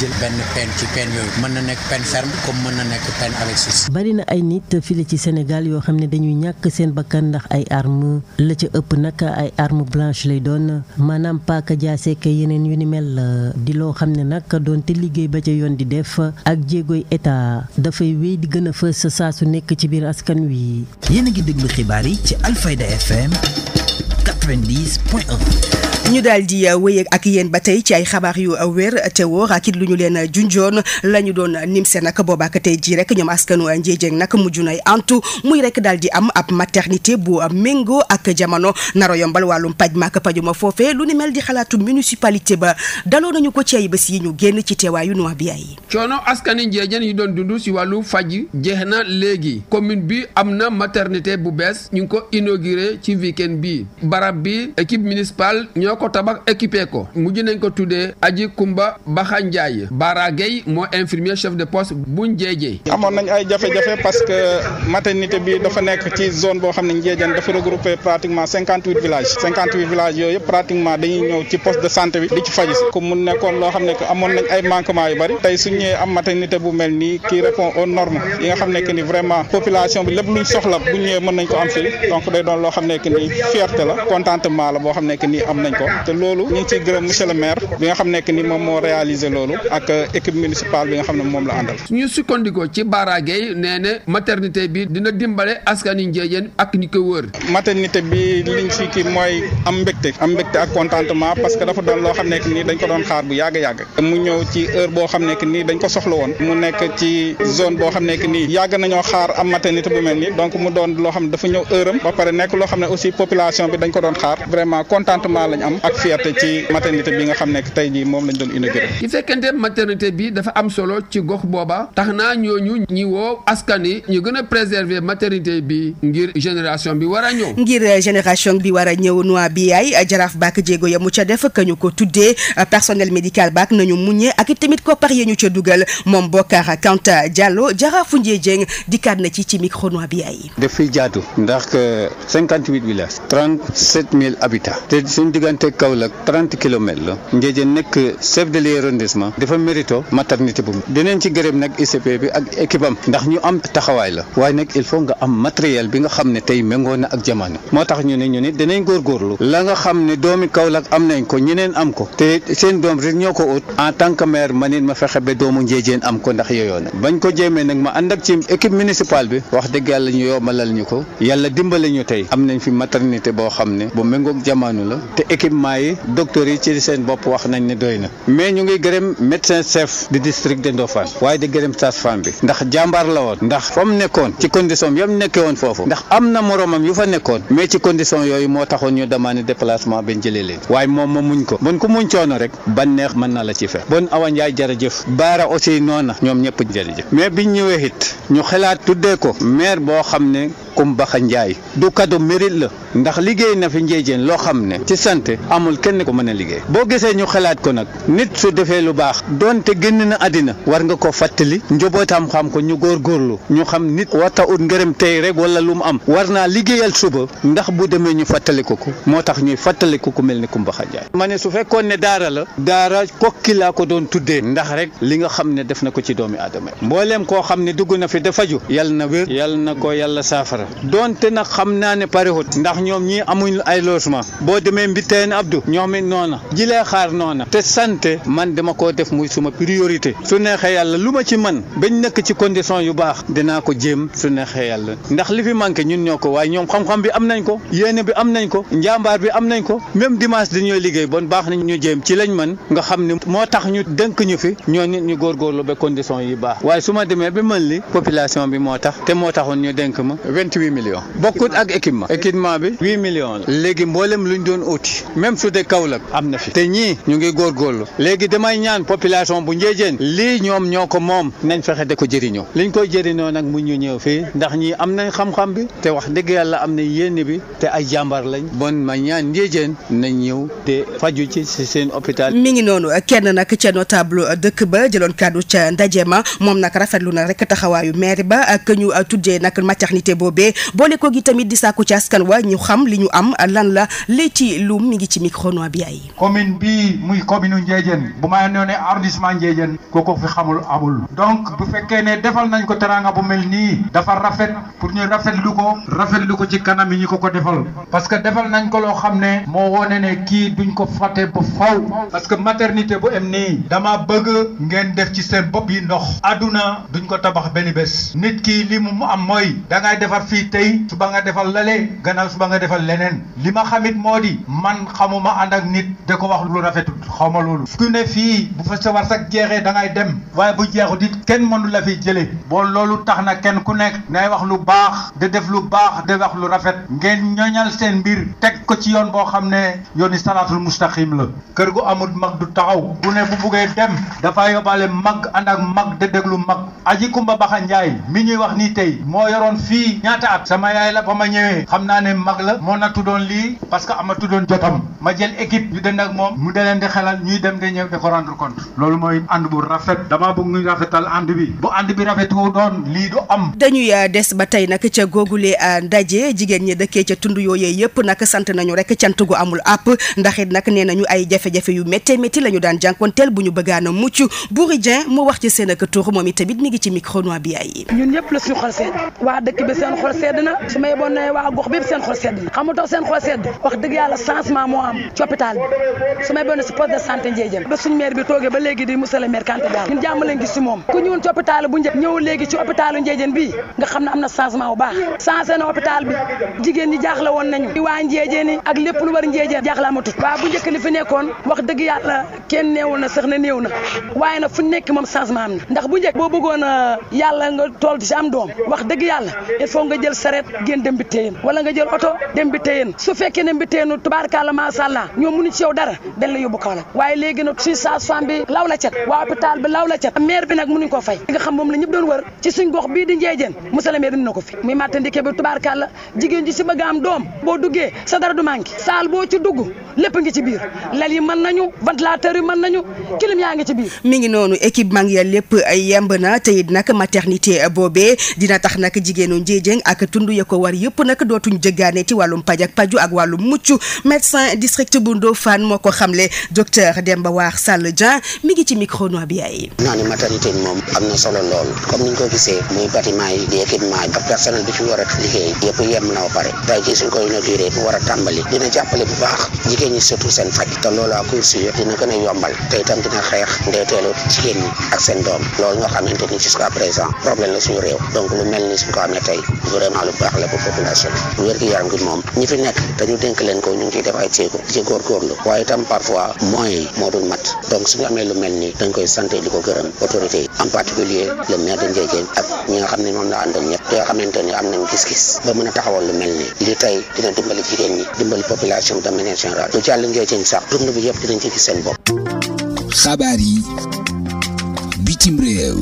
S1: mën na nekk peine ferme mën na
S6: bari na ay nit file ci Sénégal yoo xam ne dañuy ñàkk seen bakkan ndax ay armes la ca ëpp nag ay armes blanches lay doon maanaam paaka jaaseek yeneen yu ni mel di loo xam ne nag doonte liggéey ba ca yoon di def ak jéegoy état dafay wéy di gën a fës saa su nekk ci biir askan wi. yéen a ngi déglu xibaar yi ci Alfayda FM
S2: ñu daal di uh, wéy ak yéen ba tey ci ay xabaar yu uh, wér uh, te wóor ak it lu ñu leen junjoon la ñu doon nimse nag boobaak tey jii rek ñoom askanu Ndiédiène nag mujj nay antu muy rek daal di am ab maternité bu méngoo ak jamono naro yombal wàllum paj ma ak pajuma foofee lu ni mel di xalaatu municipalité ba daloo nañu ko ci ay bés yi ñu génn ci teewaayu noix
S10: bi ay coono askani Ndiédiène yi si wàllu faj jeex na léegi commune bi am na maternité bu bees ñu ngi ko inauguré ci weekend bi barab bi équipe municipale ko tabax équipé ko mujj nañ ko tuddee aji kumba baxa njaay Bara Gueye moo infirmier chef de poste buñ njeejee amoon nañ ay jafe-jafe parce que maternité
S14: bi dafa nekk ci zone boo xam ne njeejeen ñëw ci poste de santé bi di ci faju si ku mu nekkoon loo xam ne que amoon nañ ay manquement yu bëri tey su ñëwee am maternité bu mel nii qui répond aux normes yi nga xam ne que ni vraiment population bi lépp luñ soxla bu ñëwee mën nañ ko am fii donc day doon ko te loolu ñu ngi ciy gërëm monsieur le maire bi nga xam nekk ni moom moo réalisé loolu ak euh, équipe municipale bi nga xam ne moom la àndal.
S10: suñu sukkandikoo ci baaraagey nee na maternité bi dina dimbale askani Ndiédiène ak ñi ko wër. maternité bi liñ mooy am mbégte am
S14: mbégte ak contentement parce que dafa doon loo xam nekk nii dañ ko doon xaar bu yàgg yàgg mu ñëw ci heure boo xam nekk nii dañ ko soxla woon mu nekk ci zone boo xam nekk nii yàgg nañoo bu mel nii donc loo xam dafa ñëw heure am am ak fierté ci maternité bi nga xam ne tey jii moom lañ doon inauguré.
S10: bu fekkente maternité bi dafa am solo ci gox booba tax naa ñooñu ñi woo askan yi ñu gën a préserver maternité bi ngir génération bi war a ñëw. ngir
S2: génération bi war a ñëw noa bi ay jaraaf baak jéego ya mu ca def ka ñu ko tuddee euh, personnel médical baak nañu muñee ak tamit koppar ya ñu ca dugal moom Bokar Kanta Diallo jaraafu Ndiédiène dikkaat na ci ci micro noa bi ay.
S15: dafay jaatu ndax 58 villages 37 te suñu diggante diggante Kaolack 30 kilomètres la Ndiédiène nekk chef de l'arrondissement dafa mérito maternité bu deneen ci gërëb nag ICP bi ak équipe am ndax ñu am taxawaay la waaye nag il faut nga am matériel bi nga xam ne tey méngoo na ak jamono moo tax ñu ne ñu ne dinañ góorlu la nga xam ne doomi Kaolack am nañ ko ñeneen am ko te seen doom rek ñoo ko ut en tant que maire ma nit ma fexe ba doomu Ndiédiène am ko ndax yooyoo na bañ ko jéemee nag ma ànd ak ci équipe municipale bi wax dëgg yàlla ñu yombalal ñu ko yàlla dimbale ñu tey am nañ fi maternité boo xam ne bu méngoog jamono la équipement yi docteur yi ci seen bopp wax nañ ne doy na mais ñu ngi gërëm médecin chef du district de Ndofane waaye di gërëm sage bi ndax jàmbaar la woon ndax fa nekkoon ci condition yooyu moo taxoon ñu demandé déplacement bañ jëlee leen waaye moom ma muñ ko bon ku muñ coono rek ban mën na la ci fekk bon Awa Ndiaye jërëjëf Baara aussi noona ñoom ñëpp jërëjëf mais biñ ñëwee it ñu xalaat tuddee ko maire boo xam ne Kumba Ndiaye du kaddu mérite la ndax liggéey na fi njeejeen loo xam amul kenn ko mën a liggéey boo gisee ñu xalaat ko nag nit su defee lu baax donte génn na àddina war nga ko fàttali njobootam xam ko ñu góor góorlu ñu xam nit warta ut ngërëm tey rek wala lu mu am war naa liggéeyal suba ndax bu demee ñu fàttali ko ko moo tax ñuy fàttali ko mel ni Kumba Xajaay ma ne su fekkoon ne daara la daara kokki laa ko doon tuddee ndax rek li nga xam ne def na ko ci doomi aadama yi mbooleem koo xam ne dugg na fi dafa ju na wér yal na ko yàlla saafara donte nag xam naa ne parehut ndax ñoom ñii amuñ ay seen abdou ñoom it noona jilee xaar noona man dama koo def muy suma priorité su neexee yàlla lu ma ci man bañ nekk ci condition yu baax dinaa ko jéem su neexee yàlla ndax li fi manqué ñun ñoo ko waaye ñoom xam bi am nañ ko yéene bi am nañ ko njàmbaar bi am nañ ko même dimanche dañooy liggéey bon baax nañu ñu jéem ci lañ man nga xam ne moo tax ñu dënk ñu fi ñoo nit ñu góor góorgóorlu ba condition yi baax waaye su ma demee ba mën li population bi moo tax te moo taxoon ñu denk ma vingt-huit millions bokkut ak équipement équipement bi huit millions la léegi mboolem luñ doon uti même su dee Kaolack am na fi te ñii ñu ngi góorlu léegi damay ñaan population bu Ndiédiène lii ñoom ñoo ko moom nañ fexe de ko jëriñoo liñ koy jëriñoo nag mu ñu ñëw fii ndax ñii am nañ xam-xam bi te wax dëgg yàlla am na yéene bi te ay jàmbaar lañ bon ma ñaan Ndiédiène nañ ñëw te faju ci seen hôpital.
S2: mi ngi noonu kenn nag ca notable dëkk ba jëloon kàddu ca ndaje ma moom nag rafetlu na rek taxawaayu maire ba ak ñu tuddee nag maternité boobee boole ko gi tamit di sàkku ci askan wa ñu xam li ñu am lan ci micro
S16: noa bi ay commune bi muy commune u Ndiédiène bu ma nee ne arrondissement Ndiédiène kooko fi xamul amul donc bu fekkee ne defal nañ ko teraanga bu mel nii dafa rafet pour ñu rafetlu ko rafetlu ko ci kanam yi ñu ko ko defal parce que defal nañ ko loo xam ne moo wone ne kii duñ ko fàtte ba faw parce que maternité bu em nii dama bëgg ngeen def ci seen bopp yi ndox adduna duñ ko tabax benn bés nit ki li mu am mooy da ngay defar fii tey suba nga defal lale gannaaw suba nga defal leneen xamuma ànd ak nit da ko wax lu rafetul xaw ma loolu ku ne fii bu fa sa war sax jeexee da ngay dem waaye bu jeexut it kenn mënu la fi jële boo loolu tax na kenn ku nekk nay wax lu baax da def lu baax da wax lu rafet ngeen ñoñal seen mbir teg ko ci yoon boo xam ne yoon yooni salaatul mustaqim la kër gu amul mag du taxaw bu ne bu buggee dem dafa yóbbaale mag ànd ak mag da déglu mag aji kumba baxa njaay mi ñuy wax nii tey moo yoroon fii ñaata at sama yaay la ba ma ñëwee xam naa ne mag la moo na tuddoon lii parce que ama tuddoon jotam moom ma jël équipe ñu dend ak moom mu da leen di xelal ñuy dem di ñëw di ko rendre compte loolu mooy ànd bu rafet damaa bëgg ñu rafetal ànd bi bu ànd bi rafetoo doon lii du
S2: am dañuy euh, des ba tey nag ca googulee euh, ndaje jigéen ñi dëkkee ca tund yooyee yëpp nag sant nañu rek cant gu amul àpp ndax it nag nee nañu ay jafe-jafe yu méttee métti la ñu daan jànkonteel bu ñu bëggaan a mucc Boury Dieng mu wax ci seen ak tur moom itamit mi ngi ci micro noir bi ay
S9: ñun moo am ci hôpital bi su may benn si poste de santé Ndiédiène ba suñ maire bi toogee ba léegi di monsieur le maire Kanté Diallo ñun jàmm lañ gis si moom ku ñëwoon ci hôpital bu njëkk ñëw léegi ci hôpitalu Ndiédiène bii nga xam ne am na changement bu baax changé bi jigéen ñi jaaxle woon nañu i waa Ndiédiène yi ak lépp lu war Ndiédiène jaaxle amatu waaw bu njëkk li fi nekkoon wax dëgg yàlla kenn néewul na sax na néew na waaye nag fu nekk moom changement am ndax bu njëkk boo bëggoon euh, yàlla nga tool di si am doom wax dëgg yàlla il nga jël saret génn dem bi wala nga jël oto dem macha allah ñoom mënuñ ci yow dara dañ la yóbbu Kaolack waaye léegi nag suñu sage-femme bi law la cet waa hôpital bi law la cet maire bi nag mënuñ ko fay li xam moom la ñëpp doon wër ci suñ gox di njeejeen monsieur dina ko fi muy matandike bi tubaarkàlla jigéen ji si bëgg am ci biir lal yi mën nañu ventilateur yi mën nañu kilim yaa ngi ci biir mi ngi noonu équipement ya
S2: lépp yemb na te it nag maternité boobee dina tax nag jigéenu njeejeen ak tund ya ko war yëpp nag dootuñ jëggaane ci médecin district bu Ndofane moo ko xamle docteur Demba Waar Sall Dia mi ngi ci micro bi yaay.
S8: naa ne maternité moom am na solo lool comme ni ñu ko gisee muy bâtiment yi di équipement yi ak personnel bi ci war a liggéey yëpp yem a tàmbali dina jàppale bu baax jigéen ñi surtout seen faj te loolu ak course yi dina gën a yombal te itam dina xeex ndeeteelu jigéen ñi ak seen doom loolu nga xamante ni jusqu'à présent problème la suñu réew donc lu mel ni suñ ko amee tey vraiment ci ci góorgóorlu waaye tam parfois moyens moo dul mat donc su amee lu mel ni dañ koy sant di ko gërëm autorité en particulier le maire de Ndiédiène ak ñi nga xam ne moom la àndal ñëpp te nga xamante ni am nañ gis-gis ba mën a taxawal lu mel ni li tey dina dimbali jigéen ñi dimbali population de manière lu jàll Ndiédiène
S5: sax dund bi yëpp dinañ ci gis seen bopp.
S10: xabaar yi bitim réew.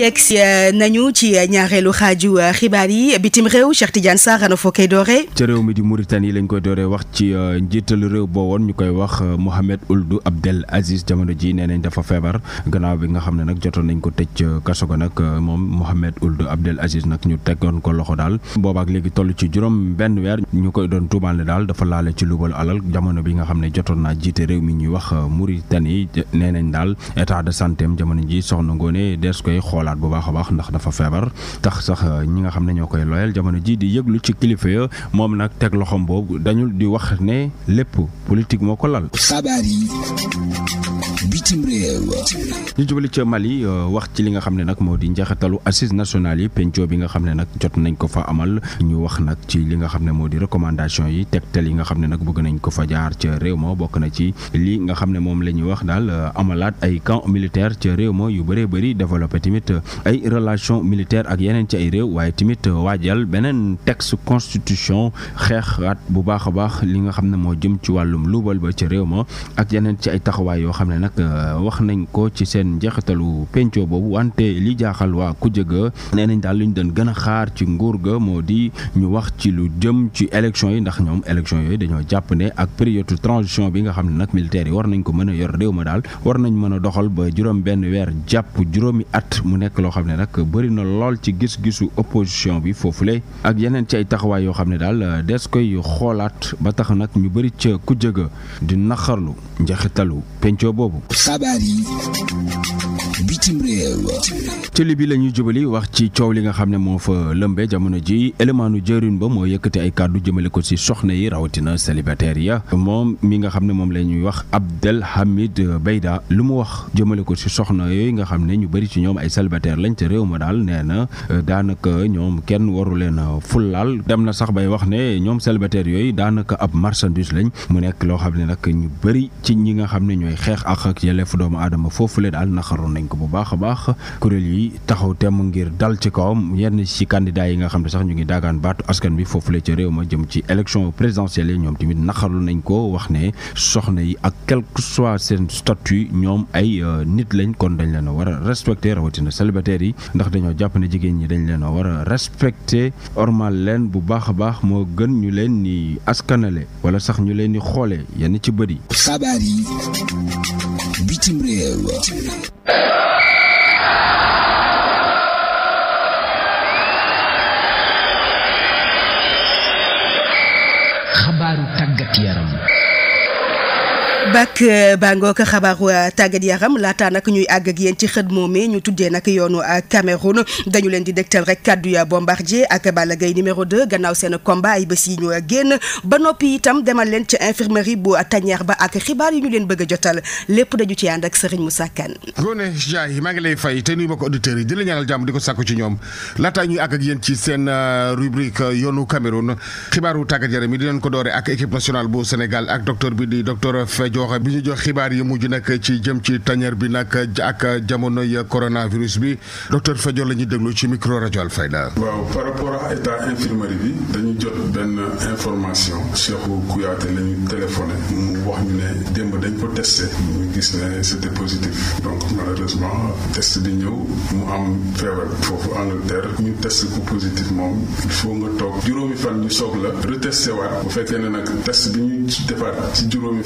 S2: yegsi euh, nañu ci ñaareelu xaaju euh, xibaar yi bitim réew Cheikh Tidiane Sarr ana foo koy dooree.
S10: ca réew mi di Mauritanie lañ koy dooree wax ci euh, njiitalu réew woon ñu koy wax Mohamed Ould Abdel Aziz jamono ji nee nañ dafa feebar gannaaw bi nga xam ne nag jotoon nañ ko tëj kaso ko nag moom Mohamed Ould Abdel Aziz nag ñu teggoon ko loxo daal boobaak léegi toll ci juróom benn weer ñu koy doon tuumaal ne daal dafa laale ci luubal alal jamono bi nga xam ne jotoon naa jiite réew mi ñuy wax Mauritanie nee nañ daal état de santé am jamono ji soxna Ngoné des koy xoolaat xalaat bu baax a baax ndax dafa feebar tax sax euh, ñi nga xam ne ñoo koy loyal jamono ji di yëglu ci kilifa ya moom nag teg loxoom boobu dañul di wax ne lépp politique moo ko lal. xabaar yi. bitim réew ñu jubali ca Mali euh, wax ci li nga xam ne nag moo di njaxatalu assises nationales yi penco bi nga xam ne nag jot nañ ko fa amal ñu wax nag ci li nga xam ne moo di recommandation yi tegtal yi nga xam ne nag bëgg nañ ko fa jaar ca réew ma bokk na ci li nga xam ne moom la ñuy wax daal euh, amalaat ay camp militaire ca réew ma yu bëree bëri développé tamit euh, ay relation militaire ak yeneen ci ay réew waaye tamit waajal beneen texte constitution xeexaat bu baax a baax li nga xam ne moo jëm ci wàllum luubal ba réew ma ak yeneen ci ay taxawaay yoo xam ne nag nag euh, wax nañ ko ci seen njeexitalu penco boobu wante li jaaxal waa kujje ga nee nañ daal li ñu doon gën a xaar ci nguur ga moo di ñu wax ci lu jëm ci élection yi ndax ñoom élection yooyu dañoo jàpp ne ak période transition bi nga xam ne nag militaire yi war nañ ko mën a yor réew ma daal war nañ mën a doxal ba juróom benn weer jàpp juróomi at mu nekk loo xam ne nag bari na lool ci gis-gisu opposition bi foofu foofule ak yeneen ci ay taxawaay yoo xam ne daal euh, des koy xoolaat ba nag ñu bëri ca ku di naxarlu njaxitalu penco boobu. xabaar bitim réew li bi la ñuy jubali wax ci coow li nga xam ne moo fa lëmbe jamono ji élémanu jëriñ ba moo yëkkati ay kàddu jëmale ko si soxna yi rawatina célibataire ya moom mi nga xam ne moom la ñuy wax Abdel Hamid Beyda lu mu wax jëmale ko ci soxna yooyu nga xam ne ñu bëri ci ñoom ay célibataire lañ te réew ma daal nee na euh, daanaka ñoom kenn waru leen fullaal dem na sax bay wax ne ñoom célibataire yooyu daanaka ab marchandise lañ mu nekk loo xam ne nag ñu bëri ci nga xam ne xeex ak ak tënk bu baax a baax kuréel yi taxaw temm ngir dal ci kawam yenn ci candidat yi nga xam ne sax ñu ngi daagaan baatu askan bi foofu la ca réew ma jëm ci élection présidentielle ñoom tamit naxarlu nañ ko wax ne soxna yi ak quel que soit seen statut ñoom ay euh, nit lañ kon dañ leen a war a respecté rawatina célibataire yi ndax dañoo jàpp ne jigéen ñi dañu leen a war a respecté ormal leen bu baax a baax moo gën ñu leen ni askanale wala sax ñu leen ni xoole yenn ci bëri. xabaar yi
S7: yaram
S2: bak euh, bàngook xabaaru euh, tàggat yaram laataa nag ñuy àgg ak yéen ci xët moomee ñu tuddee nag yoonu euh, Cameroun dañu leen di dégtal rek kàddu ya Bombardier ak Balla Gaye numéro 2 gannaaw seen combat ay bés yi ñu génn ba noppi itam demal leen ci infirmerie bu Tanière ba ak xibaar yi ñu leen bëgg a jotal lépp dañu ci ànd ak Serigne Moussa Kane.
S17: Ngoné Ndiaye maa ngi lay fay te nuyu ma ko auditeurs yi di la ñaanal jàmm di ko sàkku ci ñoom laataa ñuy àgg ak yéen ci seen rubrique yoonu Cameroun xibaaru tàggat yaram yi di leen ko doore ak équipe jox bi ñu jox xibaar yi mu mujj nag ci jëm ci tañeer bi nag ak jamono jamonoy coronavirus bi docteur Fadiol la ñuy déglu ci micro rajo Alfayda. waaw par rapport à état infirmerie bi dañu jot benn information Cheikhou Kouyaté la ñu téléphoné mu wax ñu ne démb dañ ko testé ñu gis ne c'était positif donc malheureusement test bi ñëw mu am feebar foofu Angleterre ñu test ko positif moom il faut nga toog juróomi fan ñu soog la retesté bu fekkee ne nag test bi ñu defaat ci juróomi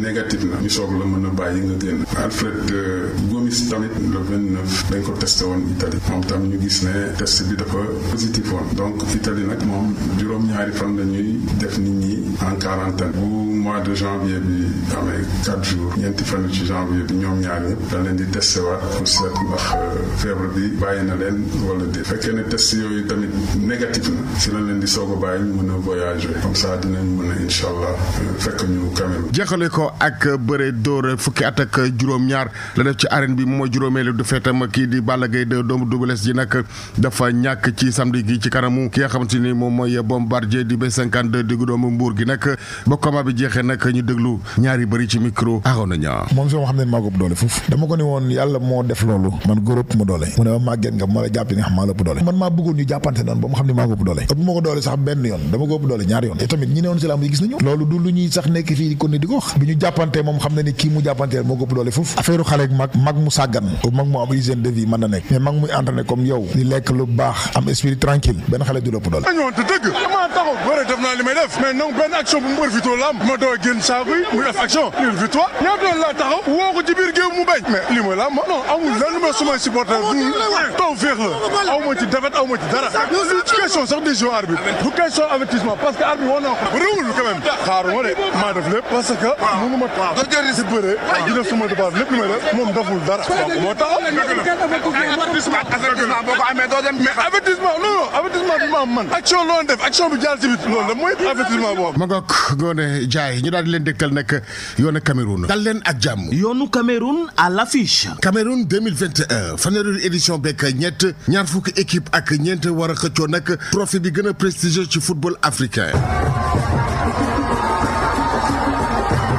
S17: négatif na ñu soog la mën a bàyyi nga génn Alfred euh, Gomis tamit le 29 dañ ko testé woon Italie moom tam ñu gis ne test bi dafa positif woon donc Italie nag moom juróom-ñaari fan la ñuy def nit ñi en quarantaine bu mois de janvier bi amee quatre jours ñeenti fan ci janvier bi ñoom ñaar ñëpp dañ leen di testé waat pour seet ndax euh, feebar bi bàyyi na leen wala di fekkee ne test yooyu tamit négatif na si lañ leen di soog a bàyyi ñu mën a voyager comme ça dinañ mën a incha allah euh, fekk ñu Cameroun. jeexale ko ak bëre dóor fukki at ak juróom-ñaar la def ci arène bi moom mooy juróomeelu du feetam kii di Balla Gaye de doomu Double Less ji nag dafa ñàkk ci samedi gi ci kanamu ki nga xamante ni moom mooy bombardier di B52 diggu doomu Mbour gi nag ba waxee xam ne maa ko ëpp gis nañu loolu du lu ñuy sax nekk fii kon ni di ko wax ñu jàppante moom xam na ni kii mu jàppanteel moo ko ëpp doole foofu affaire xale mag mu sàggan mag mu am hygiène de vie mën na nekk mais mag muy entraîné comme yow di lekk lu baax am benn xale du la ëpp
S11: doole doo génn saako yi muy def action ñun victoire ñaata yoon laa taxaw woo ko ci biir géew mu bañ mais li ma la ma non amul lan lu ma sumay supporter du taw féex la aw ma ci défaite aw ma ci dara du question sax décision arbitre ah, du question avertissement parce que arbitre woon naa ko réewul quand même xaaruma de maa def lépp parce que ah, mënu ma taxaw ah, dajëri si bëree di def suma dépasse lépp li may def moom deful dara donc moo taxaw avertissement boo ko amee doo dem mais avertissement non non avertissement
S17: bi ma am man action loon def action bi jaar ci bit loolu la mooy avertissement boobu ma ngoog Ngoné Ndiaye yi ñu daal di leen dégtal nag yoonu Cameroun dal leen ak jàmm yoonu Cameroun à l'affiche Cameroun 2021 fanweeri édition bekk ñett ñaar fukki équipe ak ñeent war a xëccoo nag trophée bi gën a prestigieux ci football africain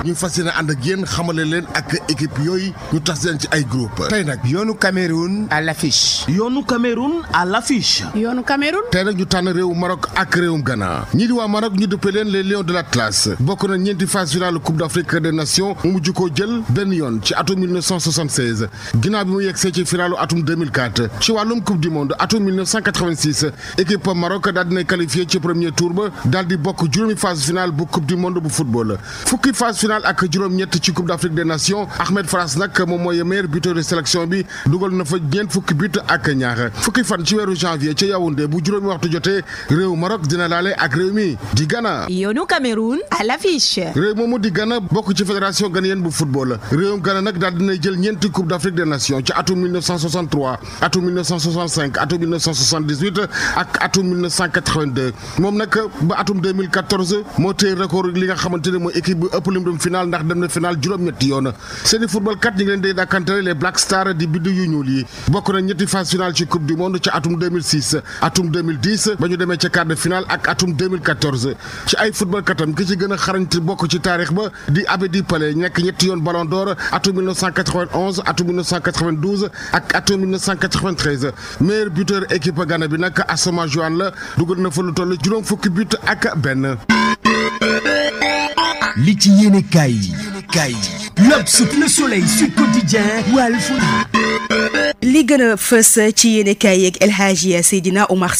S17: ñu fas yéene ànd ak yéen xamale leen ak équipe yooyu ñu tas leen ci ay groupe tey nag
S3: yoonu Cameroun à l'affiche yoonu Cameroun à
S17: nag ñu tànn réewu Maroc ak réewum Ghana ñii di waa Maroc ñu duppee leen les Lions de l'Atlas bokk na ñeenti phase finale Coupe d'Afrique des Nations mu mujj koo jël benn yoon ci atum 1976 bi mu yegsee ci finalu atum équipe Maroc daal dina ci premier tour ba daal bokk juróomi phase finale bu Coupe du Monde bu football fukki national ak juróom-ñett ci coupe d' afrique des Ahmed Fras nag moom mooy meilleur de sélection bi dugal na fa ñeent fukki but ak ñaar fukki fan ci weeru janvier ca Yaoundé bu juróomi waxtu jotee réew Maroc dina laale ak réew mi di Ghana.
S8: yoonu Cameroun à l'affiche.
S17: réew moomu di Ghana bokk ci fédération ghanéenne bu football réewum Ghana nag daal dinay jël ñeenti coupe d' afrique des nations atum atum atum ak atum moom nag ba atum moo téye record li nga final ndax dem na final juróom-ñetti yoon seeni football kat ñi ngi leen di dàkkantale les Black Stars di biddu yu ñuul yi bokk na ñetti phase finale ci coupe du monde ci atum atum ba ñu demee ca quart de finale ak atum ci ay football ki ci gën xarañte bokk ci taarix ba di Abedi Pelé nekk ñetti yoon Ballon d'Or atum atum 1992 buteur équipe Ghana bi nag Asamoah Gyan la dugal na fa toll juróom fukki but ak benn. li ci yéene kaay yi kaay yi L'Obs, Le Soleil,
S2: li gën a fës ci yéene kaay yeeg El Hadji Seydina Omar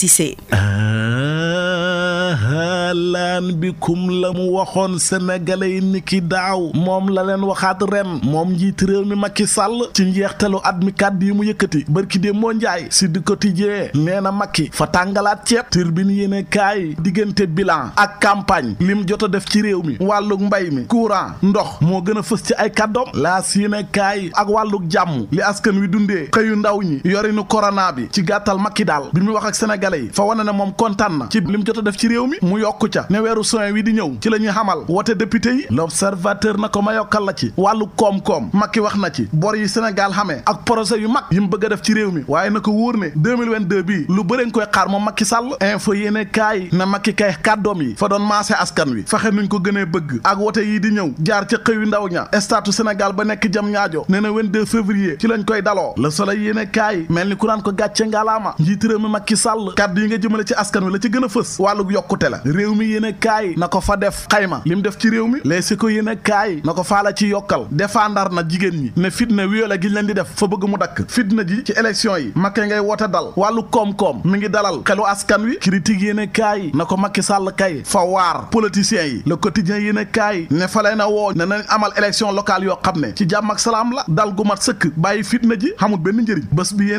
S18: alan bikum la mu waxoon sénégalais yi ni ki daaw moom la leen waxaat ren moom njiit réew mi Macky Sall ci njeextalu at mi kàddu yi mu yëkkati bërki dee moo njaay si di quotidien nee na Macky fa tàngalaat ceeb turbine yéene kaay diggante bilan ak campagne lim jot a def ci réew mi wàlluk mbay mi courant ndox moo gën a fës ci ay kàddoom laas yéene kaay ak wàlluk jàmm li askan wi dundee xëyu ndaw ñi yorinu corona bi ci gàttal Macky daal bi mu wax ak sénégalais yi fa wane ne moom kontaan na ci lim jot def ci réew mi mu yokk yokku ca ne weeru soin wi di ñëw ci la ñuy xamal wote député yi l'observateur na ko ma yokkal na ci wàllu koom-koom Macky wax na ci bor yi Sénégal xamee ak projet yu mag yi mu bëgg a def ci réew mi waaye na ko wóor ne 2022 bii lu bëre nga koy xaar moom Macky Sall info yéene kaay na Macky kay kàddoom yi fa doon maase askan wi fexe nuñ ko gënee bëgg ak wote yi di ñëw jaar ca xëyu ndaw ña statu Sénégal ba nekk jam ñaajo nee na 22 février ci lañ koy daloo Le Soleil yéene kaay mel ni ku naan ko gàcce ngalaama njiit réew mi Macky Sall kàddu yi nga jëmale ci askan wi la ci gën a fës wàllu yokkute la réew mi yéen a kaay na ko fa def xayma lim def ci réew mi lees ko yéen a kaay ko faa la ci yokkal défendar na jigéen ñi ne fitna wiyoo la giñ di def fa bëgg mu dakk fitna ji ci élection yi Macky ngay woote dal wàllu koom-koom mi ngi dalal xelu askan wi critique yéen a kaay na ko Macky kay fa waar politiciens yi le quotidien yéen a kaay ne fa na woo ne nañ amal élection locale yoo xam ne ci jàmm ak salaam la dal gu mat sëkk bàyyi fitna ji xamul benn njëriñ bés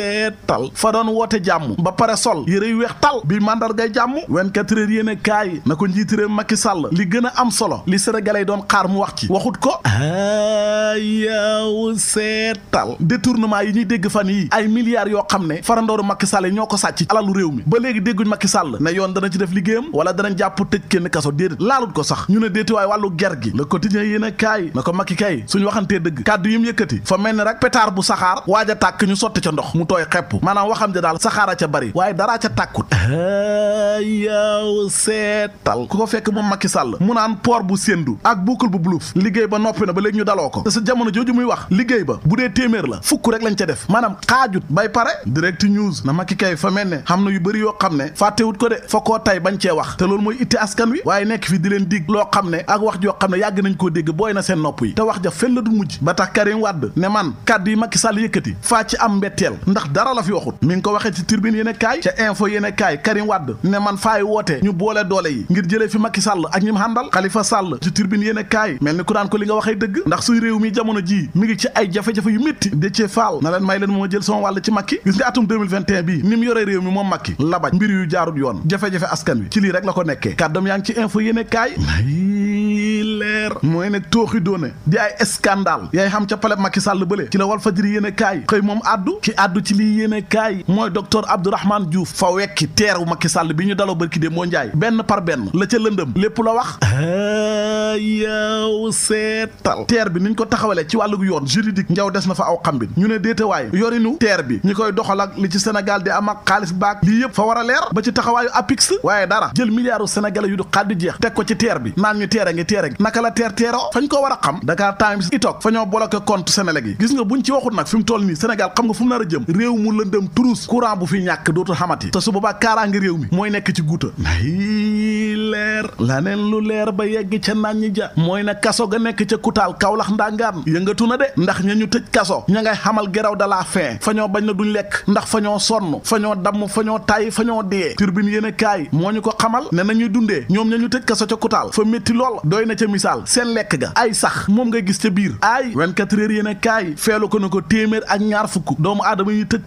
S18: a tal fa doon woote jàmm ba pare sol yëre yu weex tal bi màndarga jàmm 24 heures yéen e kaay na ko njiit réew Macky Sall li gën a am solo li sénégalais doon xaar mu wax ci waxut ko a yow seetal détournement yi ñuy dégg fan yi ay milliards yoo xam ne farandooru Macky Sall yi ñoo ko sàcc alalu réew mi ba léegi dégguñ Macky Sall na yoon dana ci def liggéeyam wala danañ jàpp tëj kenn kaso déedéet laalut ko sax ñu ne déetiwaay wàllu ger gi le quotidien yéen e kaay na ko Macky kay suñu waxantee dëgg kàddu yi mu yëkkati fa mel ni rek pétard bu saxaar a tàkk ñu ndox xepp maanaam waxam ja daal saxaara ca bari waaye daraa ca tàkkut yow seetal ku ko fekk moom Macky Sall mu naan poor bu séndu ak buukul bu bluuf liggéey ba noppi na ba léegi ñu daloo ko te sa jamono jooju muy wax liggéey ba bu dee téeméer la fukk rek lañ ca def maanaam xaajut bay pare direct news na Macky kay fa mel ne xam na yu bëri yoo xam ne fàttewut ko de fa koo tay bañ cee wax te loolu mooy itti askan wi waaye nekk fi di leen dig loo xam ne ak wax joo xam ne yàgg nañ koo dégg booy na seen nopp yi te wax ja fen la du mujj ba tax Karim man kàddu yi Macky Sall yëkkati faa ci am dara la fi waxut mi ngi ko waxee ci turbine yéen a kaay ca info yéen a kaay Karim Wade ne man faay woote ñu boole doole yi ngir jëlee fi Macky Sall ak ñi mu àndal Khalifa ci turbine yéen a kaay mel ni ku ko li nga waxee dëgg ndax suñ réew mi jamono ji mi ngi ci ay jafe-jafe yu métti Déthié Fall na leen may leen moo jël sama wàll ci Macky gis nga atum bii ni mu réew mi moom Macky labañ mbir yu jaarut yoon jafe-jafe askan wi ci lii rek la ko nekkee kàddoom a kaay a yéene kaay mooy docteur Abdourahmane Diouf fa wekki teeru Macky Sall bi ñu daloo barki de moo njaay benn par benn la ca lëndëm lépp la wax yow seetal teer bi niñ ko taxawale ci wàllug yoon juridique njaw des na fa aw xambin ñu ne déetewaay yorinu teer bi ñu koy doxal ak li ci Sénégal di am ak xaalis baak lii yëpp fa war a leer ba ci taxawaayu APIX waaye dara jël milliards sénégalais yu du xaddu jeex teg ko ci teer bi naan ñu teere ngi teere ngi naka la teer te fañ ko war a xam Dakar Times itoog fa ñoo bloqué compte Sénélec yi gis nga buñ ci waxut nag fi mu toll nii Sénégal xam nga fu mu nar a jëm réew mu lëndëm turus courant bu fi ñàkk dootu xamati te su boobaa kaaraange réew mi mooy nekk ci guuta leer la neen lu leer ba yegg ca naan ñi ja mooy na kaso ga nekk ca kutaal kawlax ndangaan yëngatu na de ndax ña ñu tëj kaso ña ngay xamal geraw da la fa ñoo bañ na duñ lekk ndax fa ñoo sonn fa ñoo damm fa ñoo tay fa ñoo dee turbine yéen a kaay moo ñu ko xamal ne nañuy dundee ñoom ña ñu tëj kaso ca kutaal fa métti lool doy na ca misaal seen lekk ga ay sax moom nga gis ca biir ay 24 a kaay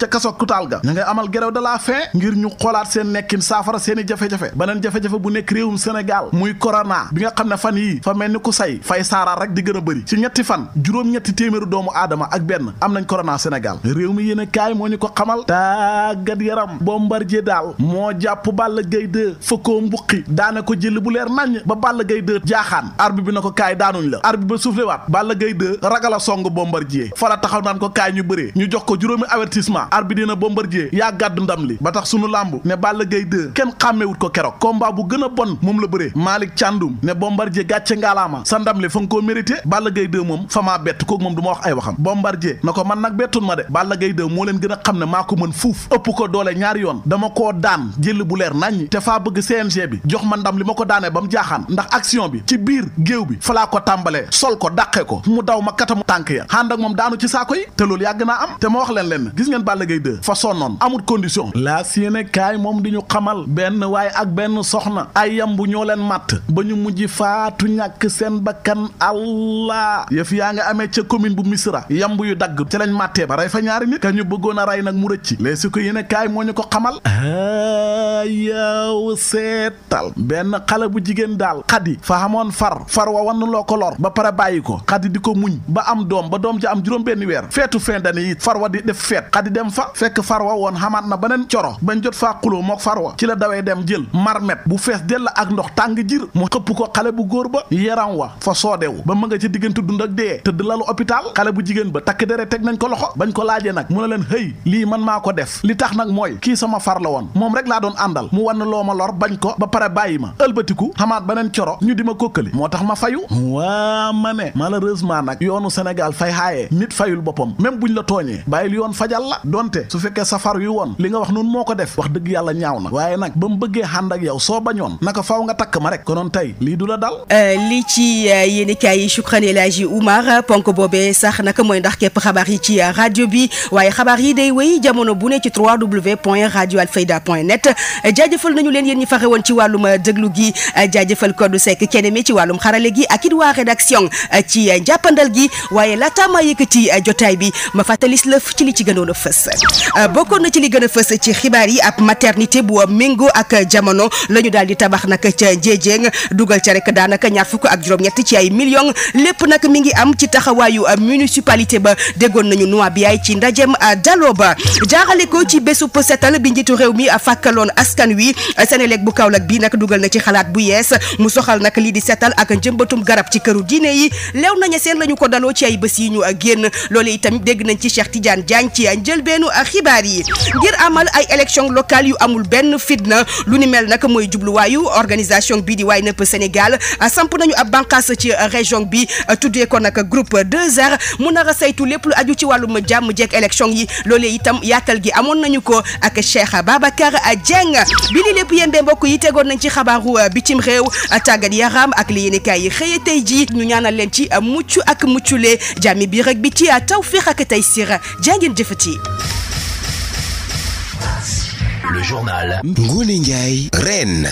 S18: ca kaso taal ga ñu ngay amal grève dalaa la faim ngir ñu xoolaat seen nekkin saafara seeni i jafe-jafe beneen jafe-jafe bu nekk réewum Sénégal muy corona bi nga xam ne fan yii fa mel ni ku say fay saaraar rek di gën a bëri ci ñetti fan juróom-ñetti téeméeru doomu aadama ak benn am nañ corona Sénégal réew mi yéen a kaay moo ñu ko xamal tàggat yaram Bombardier daal moo jàpp Balla Gaye 2 fa koo mbuqi daane ko jël bu leer nañ ba Balla Gaye 2 jaaxaan arbitre bi na ko kaay daanuñ la arbitre ba suuflewaat Balla Gaye 2 ragal a song Bombardier fa la taxaw naan ko kaay ñu bëree ñu jox ko juróomi avertissement arbitre na Bombardier yaa gàddu ndam li ba tax sunu làmb ne Balla Gaye 2 kenn xàmmewut ko keroog combat bu gën a bon moom la bëree Malick Thiandoum ne Bombardier gàcce ngaalaama sa ndam li fa nga koo mérité Balla Gaye 2 moom famaa bett kooku moom du ma wax ay waxam Bombardier na ko man nag bettun ma de Balla gay 2 moo leen gën a xam ne maa ko mën fuuf ëpp ko doole ñaari yoon dama koo daan jël bu leer naññ te faa bëgg CNG bi jox ma ndam li ma ko daanee ba mu jaaxaan ndax action bi ci biir géew bi falaa ko tàmbalee sol ko dàqee ko mu daw ma katamu tànk ya xànd ak moom daanu ci saako yi te loolu yàgg naa wax leen leen gis ngeen Balla Gaye 2 fa sonnoon amul condition laa moom di ñu xamal benn waaye ak benn soxna ay yambu ñoo leen màtt ba ñu mujj faatu ñàkk seen bakkan allah yëf yaa ngi amee ca commune bu Misira yambu yu dagg ca lañ màttee ba rey fa ñaari nit ka ñu bëggoon a rey nag mu rëcc les si ko yéene kaay moo ñu ko xamal yow seetal benn xale bu jigéen daal xadi fa xamoon far far wa wann ko lor ba pare bàyyi ko xadi di ko muñ ba am doom ba doom ja am juróom benn weer fa fekk farwa woon xamaat na beneen coro bañ jot faa xuloo mook farwa ci la dawee dem jël marmet bu fees dell ak ndox tàng jir mu xëpp ko xale bu góor ba yaram wa fa soodewu ba ma nga ci diggante dund ak dee tëdd lalu hôpital xale bu jigéen ba takk dere teg nañ ko loxo bañ ko laajee nag mu ne leen hëy lii man maa ko def li tax nag mooy kii sama far la woon moom rek laa doon àndal mu wan loo ma lor bañ ko ba pare bàyyi ma ëlbatiku xamaat beneen coro ñu di ma kokkali moo tax ma fayu waa ma ne malheureusement nag yoonu Sénégal fay xaayee nit fayul boppam même buñ la tooñee donte su fekkee safar yu woon li nga wax nun moo ko def wax dëgg yàlla ñaaw na waaye nag ba mu bëggee ànd ak soo bañoon naka faaw nga takk ma rek konoon tey lii du la dal euh, lii ci euh,
S2: yéenekaay yi Shukran El Hadji Oumar euh, ponk boobee sax naka mooy ndax képp xabaar yi ci rajo bi waaye xabaar yi day wéy jamono bu ne ci 3w point radio alfayda point net jaajëfal nañu leen yéen ñi faxe woon ci wàllum déglu gi jaajëfal Codou Seck kenn mi ci wàllum xarale gi ak it waa rédaction ci njàppandal gi waaye laataama yëkkati jotaay bi ci li ci gënoon a Euh, bokkoon na ci li gën a fës ci xibaar yi ab maternité bu méngoo ak jamono la ñu daal di tabax nag ca Ndiédiène dugal ca rek daanaka ñaar fukk ak juróom-ñett ci ay millions lépp nag mi ngi am ci taxawaayu euh, municipalité ba déggoon nañu noa bi ay ci ndajem euh, daloo ba jaarale ko ci bésu setal bi njiitu réew mi a fàkkaloon askan wi Senelec bu Kaolack bi nag dugal na ci xalaat bu yees mu soxal nag lii di setal ak njëmbatum garab ci këru diine yi leew nañu seen la ñu ko daloo ci bés yi ñu génn loolu itam dégg nañ ci Cheikh Tidiane Diagne ci njëlbeen taskanu xibaar yi ngir amal ay élection locale yu amul benn fitna lu ni mel nag mooy jubluwaayu organisation bii di waay nëpp Sénégal samp nañu ab bànqaas ci région bi tuddee ko nag groupe 2R mu nar a saytu lépp aju ci wàllum jàmm jeeg élection yi loolee itam yaatal gi amoon nañu ko ak Cheikh Babacar Dieng bi li lépp yembe mbokk yi tegoon nañ ci xabaaru bitim réew tàggat yaram ak li yéenekaay yi xëye tey ji ñu ñaanal leen ci mucc ak muccule jàmmi bi rek bi ci tawfiix ak tey sir jaa ngeen jëfati
S10: Le journal Ngoulingaï,
S16: Rennes.